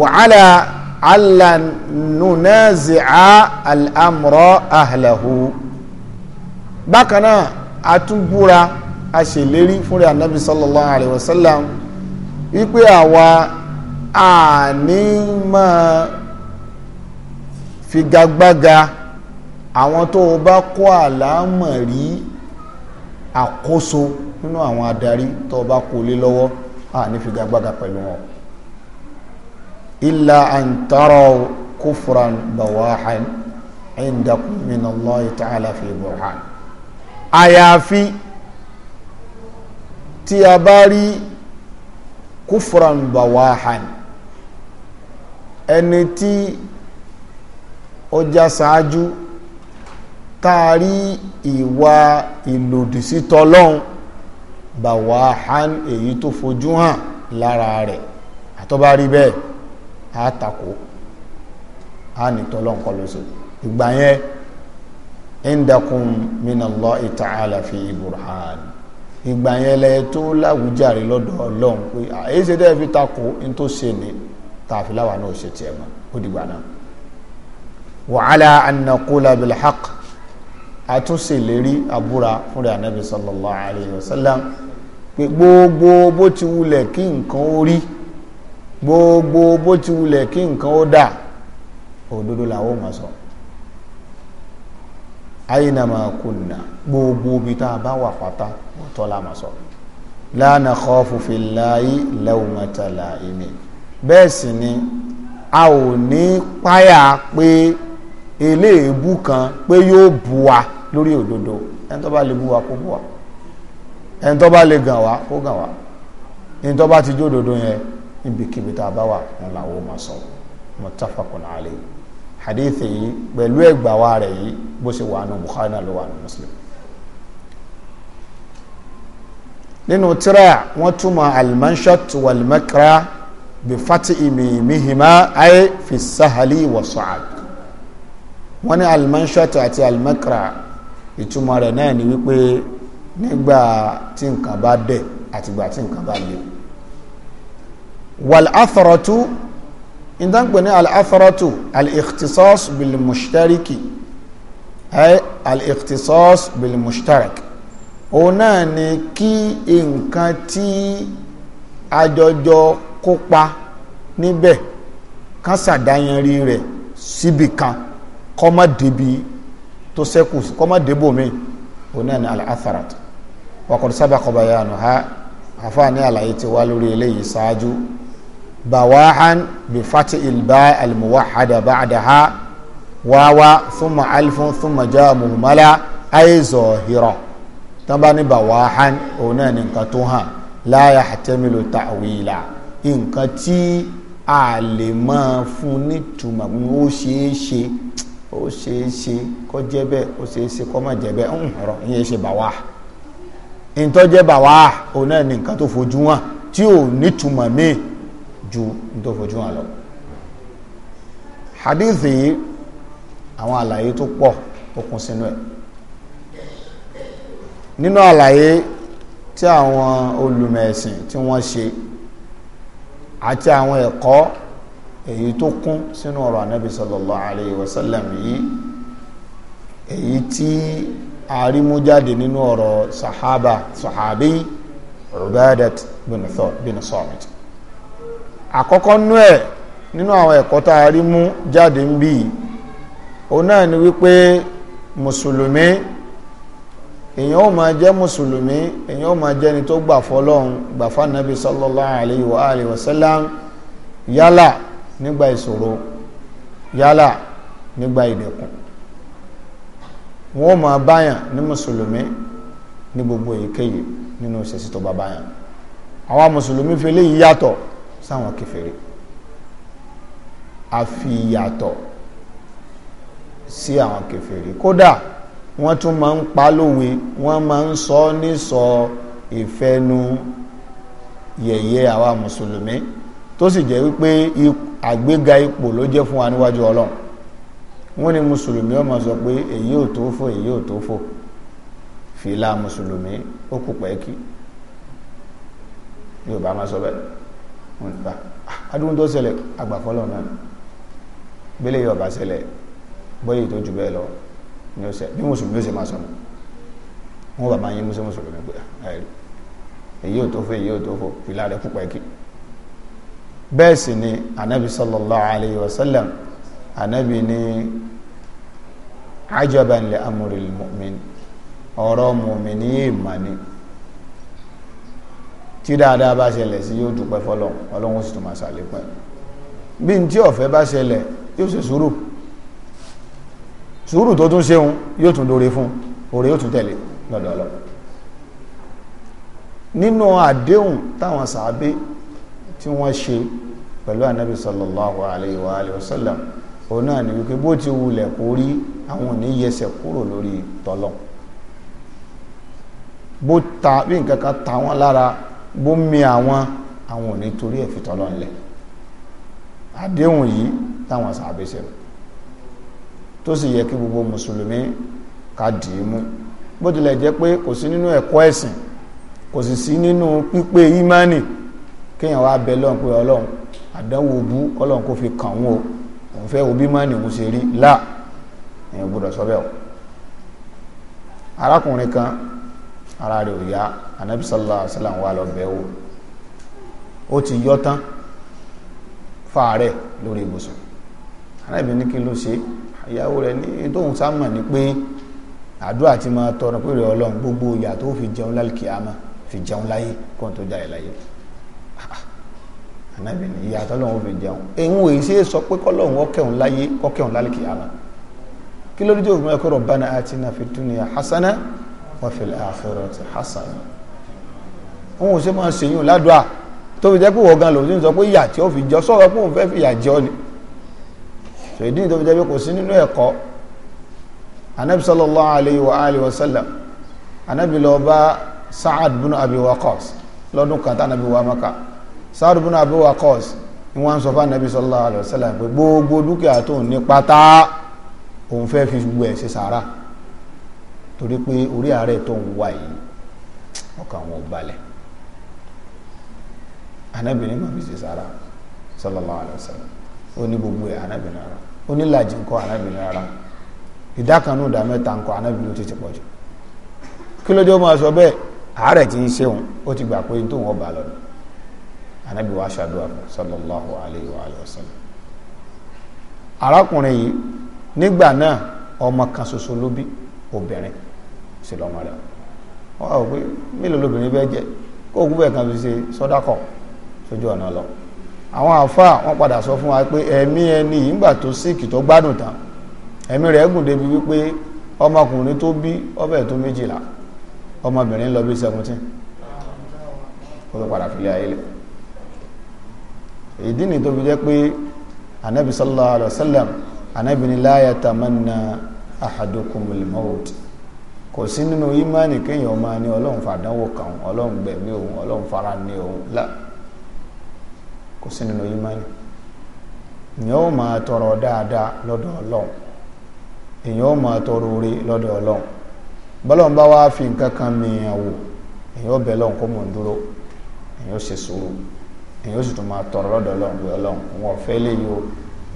Speaker 1: wàhálà alànúnáàzìá al'amrọ̀ ahlahu bákanáà a tún búra a ṣèlérí fúnra anabi sallallahu alayhi wa sallam wípé àwa àní máa figagbága àwọn tó o bá kó àlámọ̀rí àkóso nínú àwọn adarí tó o bá kó lé lọ́wọ́ àní figagbága pẹ̀lú wọn illa an taraw kufran bawahan indakum minallahi ta'ala fi burhan àyàfi tí a bá rí kúfùrán bàwáhàn ẹni tí ó já ṣáájú taari ìwà ìlòdì sí tọlọ́hun bàwáhán èyí tó fojú hàn lára rẹ̀ àtọ́bá rí bẹ́ẹ̀ á takò ní tọlọ́hun kọ́ ìgbà yẹn indakum minallahi ta'ala fi burhan ìgbà yẹn lẹ tó láwùjáre lọ́dọ̀ ọlọ́run pé àyè ṣe dẹ́ fi takò ní tó ṣe ni tààfin láwa náà ṣe tiẹ̀ mọ́ ó dìgbà náà wa ala an àtúnṣe lérí àbúra fúnra ànábì sallallahu alayhi wa sallam pé gbogbo bó ti wulẹ̀ kí nǹkan ó rí gbogbo bó ti wulẹ̀ kí nǹkan ó dà òdodo làwọn ò máa sọ àyìnàmà kùnà gbogbo ibi tá a bá wà pátá òótọ́ la máa sọ la nakhafu fillahi lawmata la'imi bẹ́ẹ̀ sì ni a ò ní páyà pé eléèbú kan pé yóò bu wa lórí òdodo ẹni tó bá lè bu wa kó bu wa ẹni tó bá lè gàn wá kó gàn wá ẹni tó bá ti jó òdodo yẹn níbikíbi tá a bá wà wọn làwọn máa sọ muttafaqun alayhi hadithi yìí pẹ̀lú ẹgbàwa rẹ̀ yìí bó ṣe wà nù Bukhari náà ló wà nù Muslim nínú tíra wọ́n túmọ̀ almanshot walmakra bí fati imimihima ayé fi sahali wa sa'ad wọ́n ní almanshot àti almakra ìtumọ̀ rẹ̀ náà ni wípé nígbà tí nǹkan bá dẹ̀ àtìgbà tí nǹkan bá le wal atharatu ìtàn pè ní al-atharatu al-ikhtisas bil-mushtariki ay al-ikhtisas bil-mushtarak òun náà ni kí nǹkan tí àjọjọ kópa níbẹ̀ kan ṣàdáyanrí rẹ̀ síbi kan kọ́mọ́ débi tó sẹ́kù kọ́mọ́ débò mi òun náà ni al-atharatu wa qad sabaqa bayanu ha àfáà ní àlàyé ti wá lórí eléyìí ṣáájú بواحا بفتح الباء الموحدة بعدها واوا ثم ألف ثم جاء مهملة أي ظاهرة تبني بواحا هنا ننكتها لا يحتمل تأويلا إنكتي a lè máa fún nítumọ̀ ó ṣeé ṣe ó ṣeé ṣe kó jẹ́ bẹ́ẹ̀ ó ṣeé ṣe kó má jẹ́ bẹ́ẹ̀ ń rọ ìyẹn ṣe bà wá ìtọ́jẹ́ bà wá òun náà ní nǹkan tó fojú wọn tí ò nítumọ̀ míì ju tó fojú hàn lọ hadithi yìí àwọn àlàyé tó pọ̀ tó kún sínú ẹ̀ nínú àlàyé tí àwọn olùmẹ̀ẹ̀sìn tí wọ́n ṣe àti àwọn ẹ̀kọ́ èyí tó kún sínú ọ̀rọ̀ anábì sallallahu alayhi wa sallam yìí èyí tí àrímújáde nínú ọ̀rọ̀ sahaba sahabi ubadat bin Samit àkọ́kọ́ nú ẹ̀ nínú àwọn ẹ̀kọ́ tá a rí mú jáde ń bí òun náà ni wípé mùsùlùmí èèyàn ma máa jẹ́ mùsùlùmí èèyàn ó máa jẹ́ni tó gbà gbà fánàbí sallallahu alayhi wa alihi wa yálà nígbà ìṣòro yálà nígbà ìdẹ̀kùn wọ́n máa báyàn ní mùsùlùmí ní gbogbo èyíkéyìí nínú tó bá báyàn àwa sáwọn kèfèrí a fi yàtọ̀ sí àwọn kèfèrí kódà wọ́n tún máa ń pa lówe wọ́n máa ń sọ ní sọ ìfẹ́nu yẹ̀yẹ́ àwa mùsùlùmí tó sì jẹ́ wípé àgbéga ipò ló jẹ́ fún wa níwájú ọlọ́run wọ́n ní mùsùlùmí ó sọ pé èyí ò tó fò èyí ò tó fò fìlà mùsùlùmí ó kù pẹ́ẹ́kì yóò bá máa sọ bẹ́ẹ̀ wọn gbà adúrún tó ṣẹlẹ̀ agbàfọ́lọ̀ náà bẹ́lẹ̀ yọba ṣẹlẹ̀ bọ́yẹ̀ tó jù bẹ́ẹ̀ lọ ní ọ̀sẹ̀ bí mùsùlùmí ó ṣe máa sọnù wọn bàbá yín mùsùlùmí mùsùlùmí pé àìrí èyí ò tó fò èyí ò tó fò fìlà rẹ̀ púpọ̀ ẹ̀kí bẹ́ẹ̀ sì ni anabi sallallahu alayhi wa anabi ni ajaban li ọ̀rọ̀ mu'min ní ìmọ̀ ni tí dáadáa bá ṣẹlẹ̀ sí yóò dúpẹ́ fọ́lọ́run ọlọ́run sì tún máa ṣàlékún ẹ̀ bí n tí ọ̀fẹ́ bá ṣẹlẹ̀ yóò ṣe sùúrù sùúrù tó tún ṣeun yóò tún dóore fún oore yóò tún tẹ̀lé lọ́dọ̀ ọlọ́run nínú àdéhùn táwọn sàábé tí wọ́n ṣe pẹ̀lú ànábì sallallahu alayhi wa alayhi wa sallam òun náà ni wípé bó ti wulẹ̀ kó rí àwọn òní yẹsẹ̀ kúrò lórí tọ́lọ̀ bó ta bí nǹkan kan ta wọ́n lára bó mi àwọn àwọn ò ní torí ẹ̀ fi tọ́lọ́ ńlẹ̀ àdéhùn yìí táwọn sàbẹ̀sẹ̀ tó sì yẹ kí gbogbo mùsùlùmí ká dì í mú bó tilẹ̀ jẹ́ pé kò sí nínú ẹ̀kọ́ ẹ̀sìn kò sì sí nínú pípé ìmánì kéèyàn wá bẹ lọ́n pé ọlọ́run àdánwò bú ọlọ́run kò fi kàn wọ́n o òun fẹ́ wo bí òun ṣe rí là ẹ̀yìn gbọ́dọ̀ sọ arákùnrin kan ara rẹ̀ ò yá anabi sallallahu alaihi wasallam wà lọ bẹ̀ wò ó ti yọ tán fàárẹ̀ lórí ibùsùn anabi ní kí ló ṣe ìyàwó rẹ̀ ní tóun sámà ni pé àdúrà ti máa tọrọ pé rẹ Ọlọ́run gbogbo ìyà tó fi jẹun lálùkìyàmá fi jẹun láyé kóun tó jáde láyé anabi ní ìyà tọ́lọ́run fi jẹun èyún èyí ṣe é sọ pé kọ́lọ́run ọkẹun láyé kọ́kẹun lálùkìyàmá kí ló dé tó fi mọ ẹkọ rọ bana àti dúnìyà hasana wa fil akhirati hasana òun ò ṣe máa ṣèyún ládùá tó fi jẹ́ pé wọ̀gán lòun ti ń sọ pé ìyà tí ó fi jọ sọ̀rọ̀ pé òun fẹ́ fi ìyà jẹ ọ ni ṣèdí tó fi jẹ́ pé kò sí nínú ẹ̀kọ́ anabi sallallahu alayhi wa alihi wa sallam anabi lọ bá Sa'ad bin Abi Waqqas lọ́dún kan tánàbí wa maka Sa'ad bin Abi Waqqas ni wọ́n sọ fún anabi sallallahu alayhi wa sallam pé gbogbo dúkìá tó ní pátá òun fẹ́ fi gbogbo ṣe sàárà torí pé orí ààrẹ tó ń wá yìí ọkàn wọn ò balẹ̀ anábìnrin máa fi ṣe sára sallallahu alaihi wasallam ó ní gbogbo ẹ̀ anábìnrin ara ó ní làjì ńkọ anábìnrin ara ìdá kan ní ìdá mẹ́ta ńkọ anábìnrin ó ti ti pọ̀ jù kí lójú ó sọ bẹ́ẹ̀ àárẹ̀ ti ń ṣeun ó ti gbà pé tó wọn bá lọ anábì wa ṣàdúrà sallallahu alaihi wasallam arákùnrin yìí nígbà náà ọmọ kan ṣoṣo ló bí obìnrin sí lọ́mọ rẹ̀ wọ́n wọ́n pé mélòó lóbìnrin bẹ́ẹ̀ jẹ́ kó òkú bẹ́ẹ̀ kan fi ṣe sójú ọ̀nà lọ àwọn padà sọ fún wa pé ẹ̀mí ẹni yìí tó síkì tó gbádùn tán ẹ̀mí rẹ̀ gùn débi wípé ọmọkùnrin tó bí ọbẹ̀ tó méjìlá ọmọbìnrin lọ bí seventeen ó padà fìlẹ̀ ayé anabi sallallahu alayhi wa sallam anabi ni kò sí nínú ìmánì kéèyàn máa ní ọlọ́run fàdánwò kàn ọlọ́run gbẹ̀mí òun ọlọ́run fara ní òun lá kò sí nínú ìmánì èèyàn ó máa tọrọ dáadáa lọ́dọ̀ ọlọ́run èèyàn ó máa tọrọ orí lọ́dọ̀ ọlọ́run bọ́lọ́run bá wá fi nǹkan kan mìíràn wò èèyàn ó bẹ̀ lọ́run kó mọ̀ ń dúró èèyàn ó ṣe sùúrù èèyàn ó sì tún máa tọrọ lọ́dọ̀ ọlọ́run pé ọlọ́run wọn fẹ́ lè yọ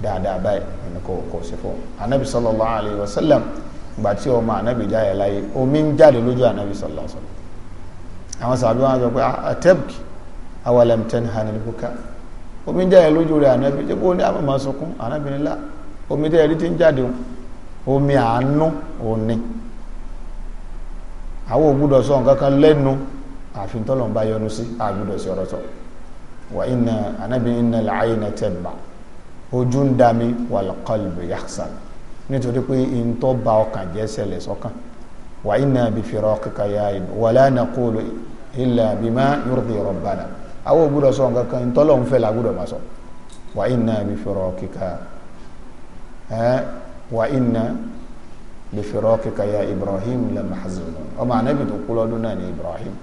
Speaker 1: dáadáa báyìí ẹni ìgbà tí ọmọ ànábì jáde láyé omi ń jáde lójú ànábì sallallahu alaihi wasallam àwọn sàbí wọn sọ pé àtẹ́bùkì ah, awalam tanhani buka omi ń jáde lójú rẹ̀ ànábì jẹ́ kó ní àmàmà sunkún ànábì nílá omi tẹ́ ẹ̀rí ti ń jáde omi àánú òní àwọn ògbúdọ̀ sọ nǹkan kan lẹ́nu àfi tọ́lọ̀ ń bá yọnu sí àgbúdọ̀ sí ọ̀rọ̀ sọ wà inna ànábì inna al-ayna tadma ojú ń dami wal qalbi yahsan nítorí pé n tó ba ọkàn jẹ́ ṣẹlẹ̀ sọ́kàn wa inna bi firaqika ya ibu wala naqulu illa bima yurdi rabbana àwọn ògbúdọ̀ sọ nǹkan kan ntọ́lọ̀ ń fẹ́ la gbúdọ̀ máa sọ wa inna bi firaqika eh, wa inna bi firaqika ya ibrahim la mahzunun ọmọ anabi tó kú lọ́dún náà ni ibrahim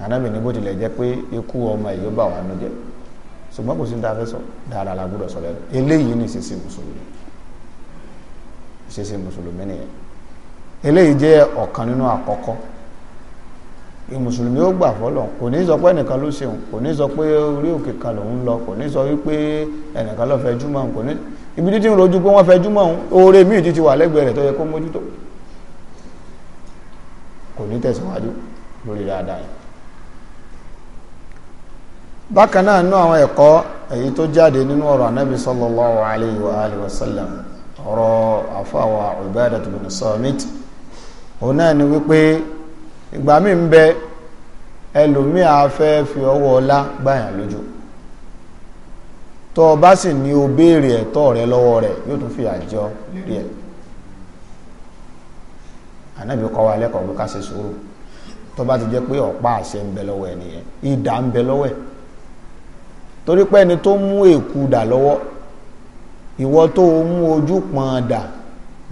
Speaker 1: anabi ní tilẹ̀ jẹ́ pé ikú ọmọ yìí ó bà wà nù jẹ́ ṣùgbọ́n kò sí ní ta sọ dáadáa la sọ lẹ́nu eléyìí ní sísè mùsùlùmí ìṣesí mùsùlùmí nìyẹn eléyìí jẹ́ ọ̀kan nínú àkọ́kọ́ mùsùlùmí ó gbà fọ́lọ̀ kò ní sọ pé ẹnìkan ló ṣeun kò ní sọ pé orí òkè kan lòun lọ kò ní sọ wípé ẹnìkan lọ fẹ́ júmọ̀ kò ní ibi títí ń rojú pé wọ́n fẹ́ júmọ̀ oore míì títí wà lẹ́gbẹ̀ẹ́ rẹ̀ tó yẹ kó mójútó kò ní tẹ̀síwájú lórí dáadáa yìí bákan náà nú àwọn ẹ̀kọ́ èyí tó jáde nínú ọ̀rọ̀ anábì sallallahu alaihi wa alihi wa sallam ọ̀rọ̀ afọ Ubadat bin Samit òun náà ni wípé ìgbà míì ń bẹ fi ọwọ́ ọlá gbàyàn lójú tó bá sì ní o béèrè ẹ̀tọ́ rẹ lọ́wọ́ rẹ yóò tún fi àjọ lérí ẹ̀ ànábì kọ́ wa lẹ́kọ̀ọ́ pé ká ṣe bá ti jẹ́ pé ọ̀pá àṣẹ ń bẹ ìwọ tó mú ojú pọn dà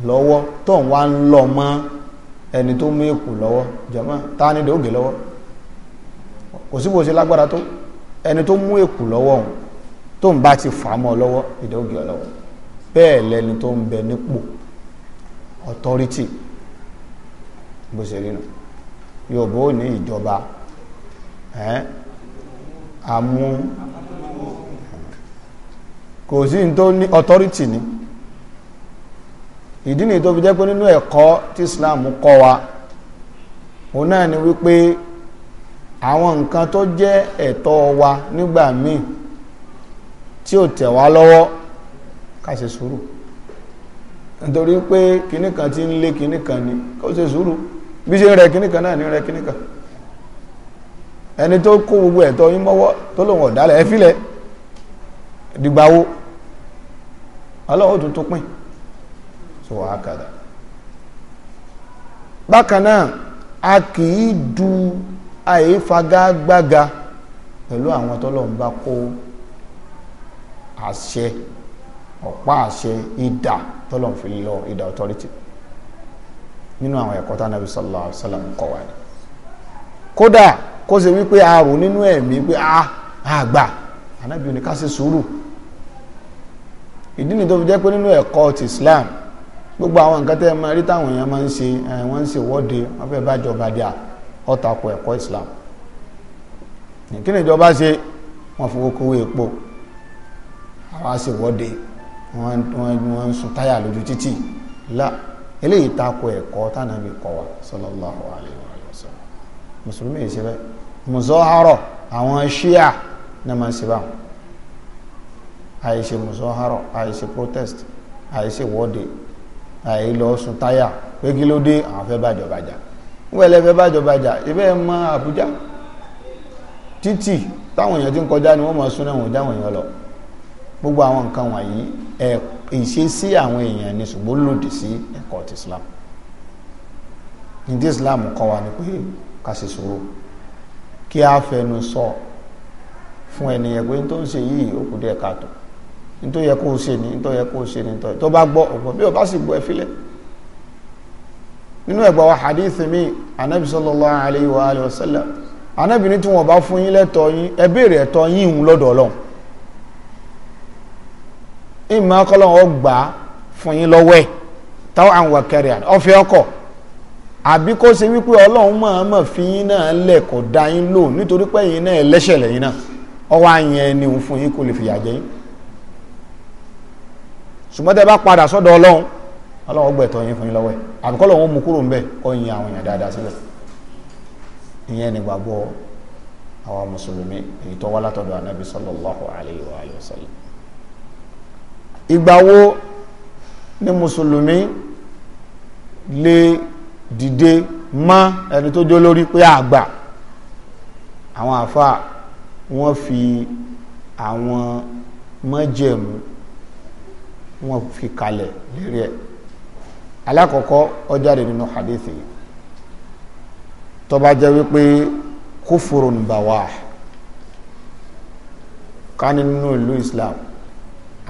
Speaker 1: lọ́wọ́ tó ń wá ń lọ mọ́ ẹni tó mú èkù lọ́wọ́ jọmọ́ ta ni dòógè lọ́wọ́ kò sí bó ṣe lágbára tó ẹni tó mú èkù lọ́wọ́ òun tó ń bá ti fà mọ́ lọ́wọ́ ìdòógè lọ́wọ́ bẹ́ẹ̀ lẹni tó ń bẹ nípò authority bó ṣe rí nu yóò bó ní ìjọba ẹ́ amú kò sí tó ní authority ni ìdí nìyí tó fi jẹ́ pé nínú ẹ̀kọ́ tí Islam kọ́ wa òun náà ni wípé àwọn nǹkan tó jẹ́ ẹ̀tọ́ wa nígbà míì tí ò tẹ̀ wá lọ́wọ́ ká ṣe sùúrù nítorí pé kinní kan ti ń lé kinní kan ni kó ṣe sùúrù bí ṣe ń rẹ kinní náà ní rẹ kinní ẹni tó kó gbogbo ẹ̀tọ́ yín mọ́wọ́ tó lòun ọ̀dálẹ̀ ẹ fílẹ̀ dìgbàwo ọlọ́run ó tún tó pín so àkàdà bákan náà a kì du àìfagagbága pẹ̀lú àwọn tọ́lọ́run bá kó àṣẹ ọ̀pá àṣẹ ìdà tọ́lọ́run fi lọ ìdà authority nínú àwọn ẹ̀kọ́ tá nàbí sallallahu alaihi wasallam kọ́ wa ni kódà kó ṣe wípé a rò nínú ẹ̀mí pé ah, a àgbà ànábì oníkà ṣe sùúrù ìdí ni tó fi jẹ́ pé nínú ẹ̀kọ́ ti Islam gbogbo àwọn nǹkan tẹ́ ẹ máa rí táwọn èèyàn máa ń ṣe eh, wọ́n ń ṣe ìwọ́de wọ́n fẹ́ bá jọba à ẹ̀kọ́ Islam kí ni ìjọba ṣe wọ́n fowó epo àwa ṣe ìwọ́de wọ́n ń sun táyà lójú la eléyìí ẹ̀kọ́ wa sallallahu alayhi wa sallam mùsùlùmí ìṣẹ́fẹ́ àwọn ṣíà máa àìṣe mùsọ̀hárọ̀ àìṣe protest àìṣe wọ́de àìlọ́sùn táyà pé kí ló dé àwọn fẹ́ bàjọba jà wẹ́lẹ́ fẹ́ bàjọba jà ibẹ̀ mọ Àbújá títì táwọn èèyàn ti ń kọjá ni wọ́n mọ̀ sún ẹ̀wọ̀n jáwọn èèyàn lọ gbogbo àwọn nǹkan wọ̀nyí ẹ̀ ìṣesí àwọn èèyàn ni ṣùgbọ́n lòdì sí ẹ̀kọ́ ti Islam ní ti Islam kọ́ wa ni pé ká ṣe sùúrù kí a fẹnu sọ fún ẹnìyẹn pé tó ń ṣe yìí ó kù díẹ̀ káàtó nítorí yẹ kó o ṣe ní nítorí yẹ kó o ṣe ní nítorí tó bá gbọ́ ọ̀gbọ́n bí o bá sì gbọ́ ẹ nínú ẹgbà wa hadith mi anabi sallallahu alayhi wa alayhi wa sallam anabi ní tí wọn bá fún yín lẹ́tọ̀ọ́ yín ẹ béèrè ẹ̀tọ́ yín ìhun lọ́dọ̀ ọlọ́run ìmọ̀ akọ́lọ́run ọ gbà á fún yín lọ́wọ́ ẹ̀ táwọn àwọn wàkẹ́rẹ́ àná ọ̀fẹ́ ọkọ̀ àbí kó ṣe wípé ọlọ́run mọ̀ọ́mọ̀ fi yín náà lẹ̀ kó dá yín lò nítorí pé yín náà ẹlẹ́ṣẹ̀ lẹ́yìn náà ọwọ́ àyẹn ẹni òun fún yín kó lè fìyà jẹ yín ṣùgbọ́n tẹ́ bá padà sọ́dọ̀ ọlọ́run ọlọ́run gbẹ̀tọ̀ yín fún yín lọ́wọ́ ẹ̀ àbíkọ́ lọ́wọ́ mú kúrò ń bẹ̀ kọ́ yin àwọn èèyàn dáadáa sílẹ̀ ìyẹn ni gbàgbọ́ àwọn mùsùlùmí èyí tó wá látọ̀dọ̀ anábì sallallahu alayhi wa alihi wa sallam ìgbà wo ni mùsùlùmí lè dìde mọ́ ẹni tó jó lórí pé àgbà àwọn àfa wọ́n fi àwọn mọ́jẹ̀mú wọn fi kalẹ̀ lérí ẹ̀ alákọ̀ọ́kọ́ ó jáde nínú hadithi tó bá jẹ́ wípé kufurun bawah ká nínú ìlú islam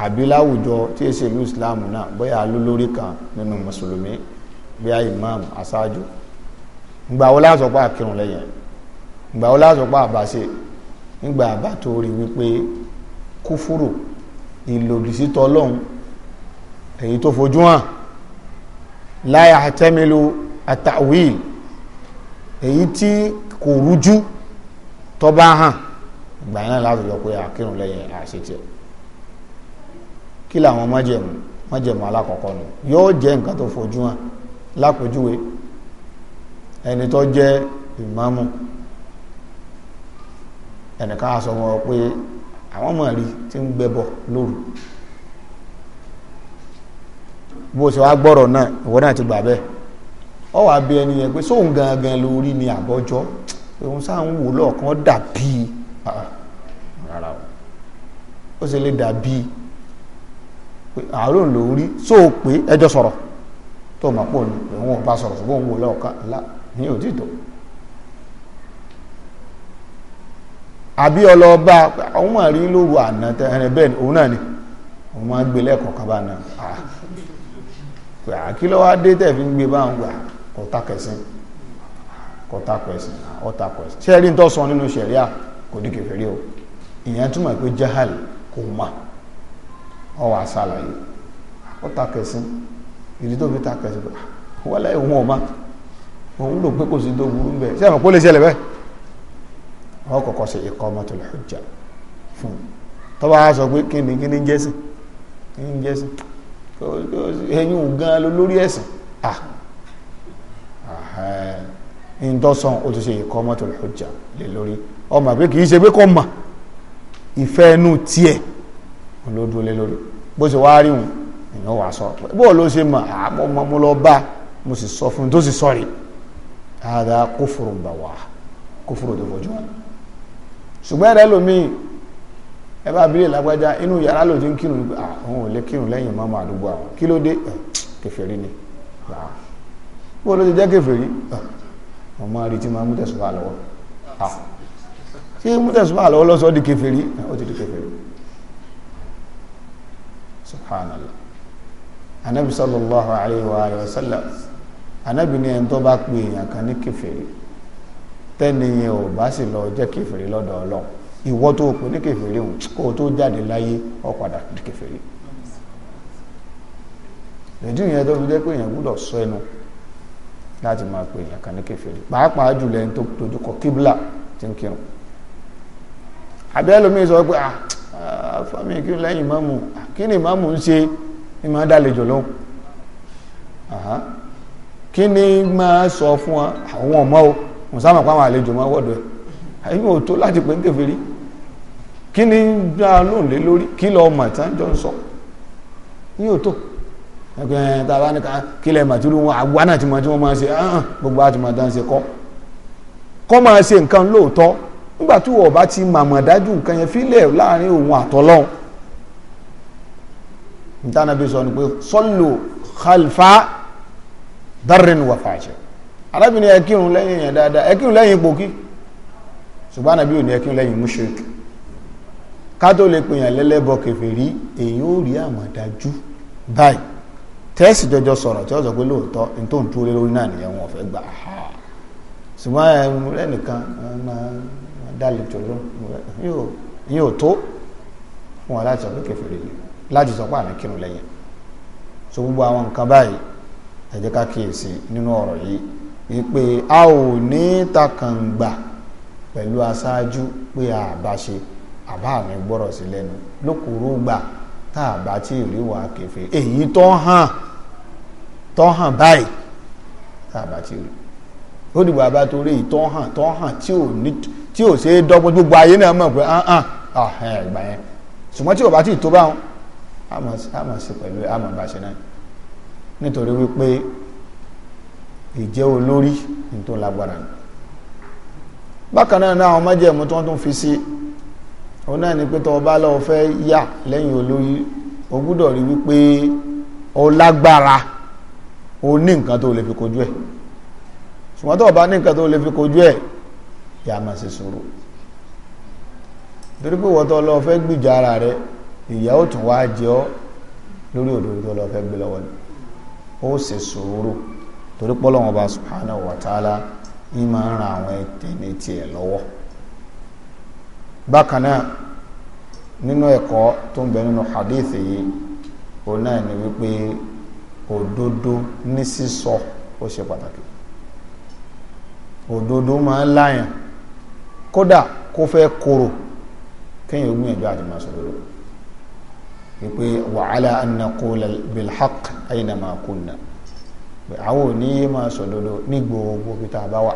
Speaker 1: àbí láwùjọ tí èsì ìlú islam náà bóyá alólórí kan nínú mùsùlùmí bóyá imam aṣáájú ìgbà wo la sọ pé àkírun lẹ́yìn ìgbà wo àbáṣe nígbà àbá wípé kúfúrù ìlòdì sí tọlọ́hun èyí tó fojú hàn la yahtamilu at-ta'wil èyí tí kò rújú tó bá hàn ìgbà yẹn láti yọ pé àkírun lẹ́yìn àṣetì kí làwọn májẹ̀mú májẹ̀mú alákọ̀ọ́kọ́ ni yóò jẹ́ nǹkan tó fojú hàn lápòjúwe ẹni tó jẹ́ ìmáàmù ẹnìkan sọ wọn pé àwọn mọ̀rí tí ń gbẹbọ lóru bó ṣe wá gbọ́rọ̀ náà ìwọ náà ti gbà bẹ́ẹ̀ ọ wà bí ẹni yẹn pé sóun gangan lórí ni àbọ́jọ́ òun sáà ń wò lọ́ọ̀kan dàbí ah, rárá o ó ṣe lè dàbí àárò lórí só o pé ẹjọ́ sọ̀rọ̀ tó o máa pò ní òun ò bá sọ̀rọ̀ ṣùgbọ́n òun wò lọ́ọ̀kan lá ní òtítọ́ àbí ọlọ́ọ̀bá àwọn àrí lóru àná tẹ ẹni bẹ́ẹ̀ òun náà ni òun máa ń gbé lẹ́kọ̀ọ́ kábàánà pé àkí ló wá ń gbé báwọn gbà kọta kẹsìn kọta kẹsìn ń nínú sẹ̀ríà kò ní o ìyẹn túmọ̀ pé jahal kò mà ọ wà sàlàyé ọta ìdí tó fi ta pé wọ́n ọ̀ma òun pé kò sí tó burú bẹ́ẹ̀ fún tọ́ba sọ pé kíni kíni jẹ́sìn ẹ̀yìn gan lórí ẹ̀sìn ìdọ́sàn ah. ó ti ṣe ìkọ́ mọ́tò lọ́jà lè lórí ọmọ pé kìí ṣe pé kọ́ mà ìfẹ́ ẹnu tiẹ̀ ló dúró lé lórí bó ṣe wá rí wọn èèyàn wà sọ bó ló ṣe mà àmọ́ ọmọ ah, mo lọ bá mo sì sọ fún un tó sì sọ̀rí àdá kófòrò bà wá kófòrò tó fojú wọn ṣùgbọ́n ẹ̀rẹ́ lómi ẹ bá abílẹ̀ lágbájá inú yàrá ló ti ń kírun nípa àwọn ò lè kírun lẹ́yìn mọ́mọ́ àdúgbò àwọn kí ló dé kèfèrí ni bó ló ti jẹ́ kèfèrí ọmọ rí tí máa mú tẹ̀sùbà lọ́wọ́ tí mú tẹ̀sùbà lọ́wọ́ lọ́sọ́ di kèfèrí ó ti di kèfèrí subhanallah anabi sallallahu alayhi wa alayhi wa sallam anabi ni ẹni tó bá pe èèyàn kan ní kèfèrí tẹ́ni yẹn ò bá sì lọ jẹ́ kèfèrí lọ́dọ̀ ọlọ́run ìwọ tó pè ní kèfèrí òun kó tó jáde láyé ó padà di kèfèrí lẹ́dí ìyẹn tó fi jẹ́ pé èèyàn gbúdọ̀ sọ ẹnu láti máa pè èèyàn kan ní kèfèrí pàápàá jùlọ ẹni tó dojúkọ kíbla tí ń kírun àbí ẹlòmíín sọ pé àfàmì kí lẹ́yìn mọ́mù kí ni mọ́mù ń ṣe ni máa dálejò lóhùn kí ni máa sọ fún àwọn ọmọ o mùsàmù pa àlejò máa wọ́dọ̀ ẹ̀ àyíkò tó láti pè ń kèfèrí kí ni gbá lóòlé lórí kí lọ mọ̀ tán jọ ń sọ ní òtò ẹgbẹ́ tàbá ní ká kí lẹ màtúrú wọn àgbà náà ti mọ̀ tí wọ́n máa ṣe ah, ah, gbogbo àti màdá ń ṣe máa ṣe nǹkan nígbà tí ti dájú nǹkan yẹn láàrin òun sọ ni pé darren wà arábìnrin ẹkírun yẹn dáadáa ẹkírun ṣùgbọ́n ò ní ká tó lè pèèyàn lẹ́lẹ́bọ kèfèrí èyí ó rí àmọ̀dájú báyìí tẹ́sì jọjọ sọ̀rọ̀ tí ó sọ pé lóòótọ́ ní tó ń dúró lé lórí náà nìyẹn wọn ò fẹ́ gbà á ṣùgbọ́n ẹ̀rù lẹ́nìkan máa dálé jòló yóò tó fún wa láti sọ pé kèfèrí yìí láti sọ pé àmì kírun lẹ́yìn so gbogbo àwọn nǹkan báyìí ẹ ká kíyèsí nínú ọ̀rọ̀ yìí wípé a ò ní takàngbà pẹ̀lú aṣáájú pé a àbá mi gbọ́rọ̀ sí lẹ́nu lókùrú gbà tá a bá tí ìrí wa kẹfẹ́ èyí tó hàn tó hàn báyìí tá a bá tí ìrí ó dìbò àbá torí èyí hàn tó hàn tí ò ṣe é dọ́gbọ́n gbogbo ayé náà mọ̀ pé ah ah ah ẹ̀gbà yẹn ṣùgbọ́n tí ò bá tí ì tó báwọn àmọ̀ sí pẹ̀lú àmọ̀ bá ṣe náà nítorí wípé ìjẹ́ olórí ní tó lágbára bákan náà náà àwọn májẹ̀mú tí wọ́n tún fi sí òun náà ni pé tó bá lọ fẹ́ yà lẹ́yìn olóyè o gbúdọ̀ rí wípé o lágbára o ní nǹkan tó lè fi kojú ẹ̀ ṣùgbọ́n tó bá ní nǹkan tó lè fi kojú ẹ̀ yà máa ṣe sùúrù torí pé wọ́n tó lọ fẹ́ gbìjà ara rẹ ìyà ó tún wá jẹ ọ́ lórí òdòdó tó lọ fẹ́ gbé lọ́wọ́ ni ó ṣe sùúrù torí pé Ọba subhanahu wa ta'ala ní máa ń ran àwọn ẹni tiẹ̀ lọ́wọ́ bákan náà nínú ẹ̀kọ́ tó ń bẹ nínú hadith yìí òun náà ni wípé òdodo ní sísọ ó ṣe pàtàkì òdodo máa ń láyàn kódà kó fẹ́ koro kéèyàn gbìyànjú àti máa sọ lórí wípé wa ala an naqula bil haqq aynama kunna àwọn ò máa sọ dodo ní gbogbo bí tá a bá wà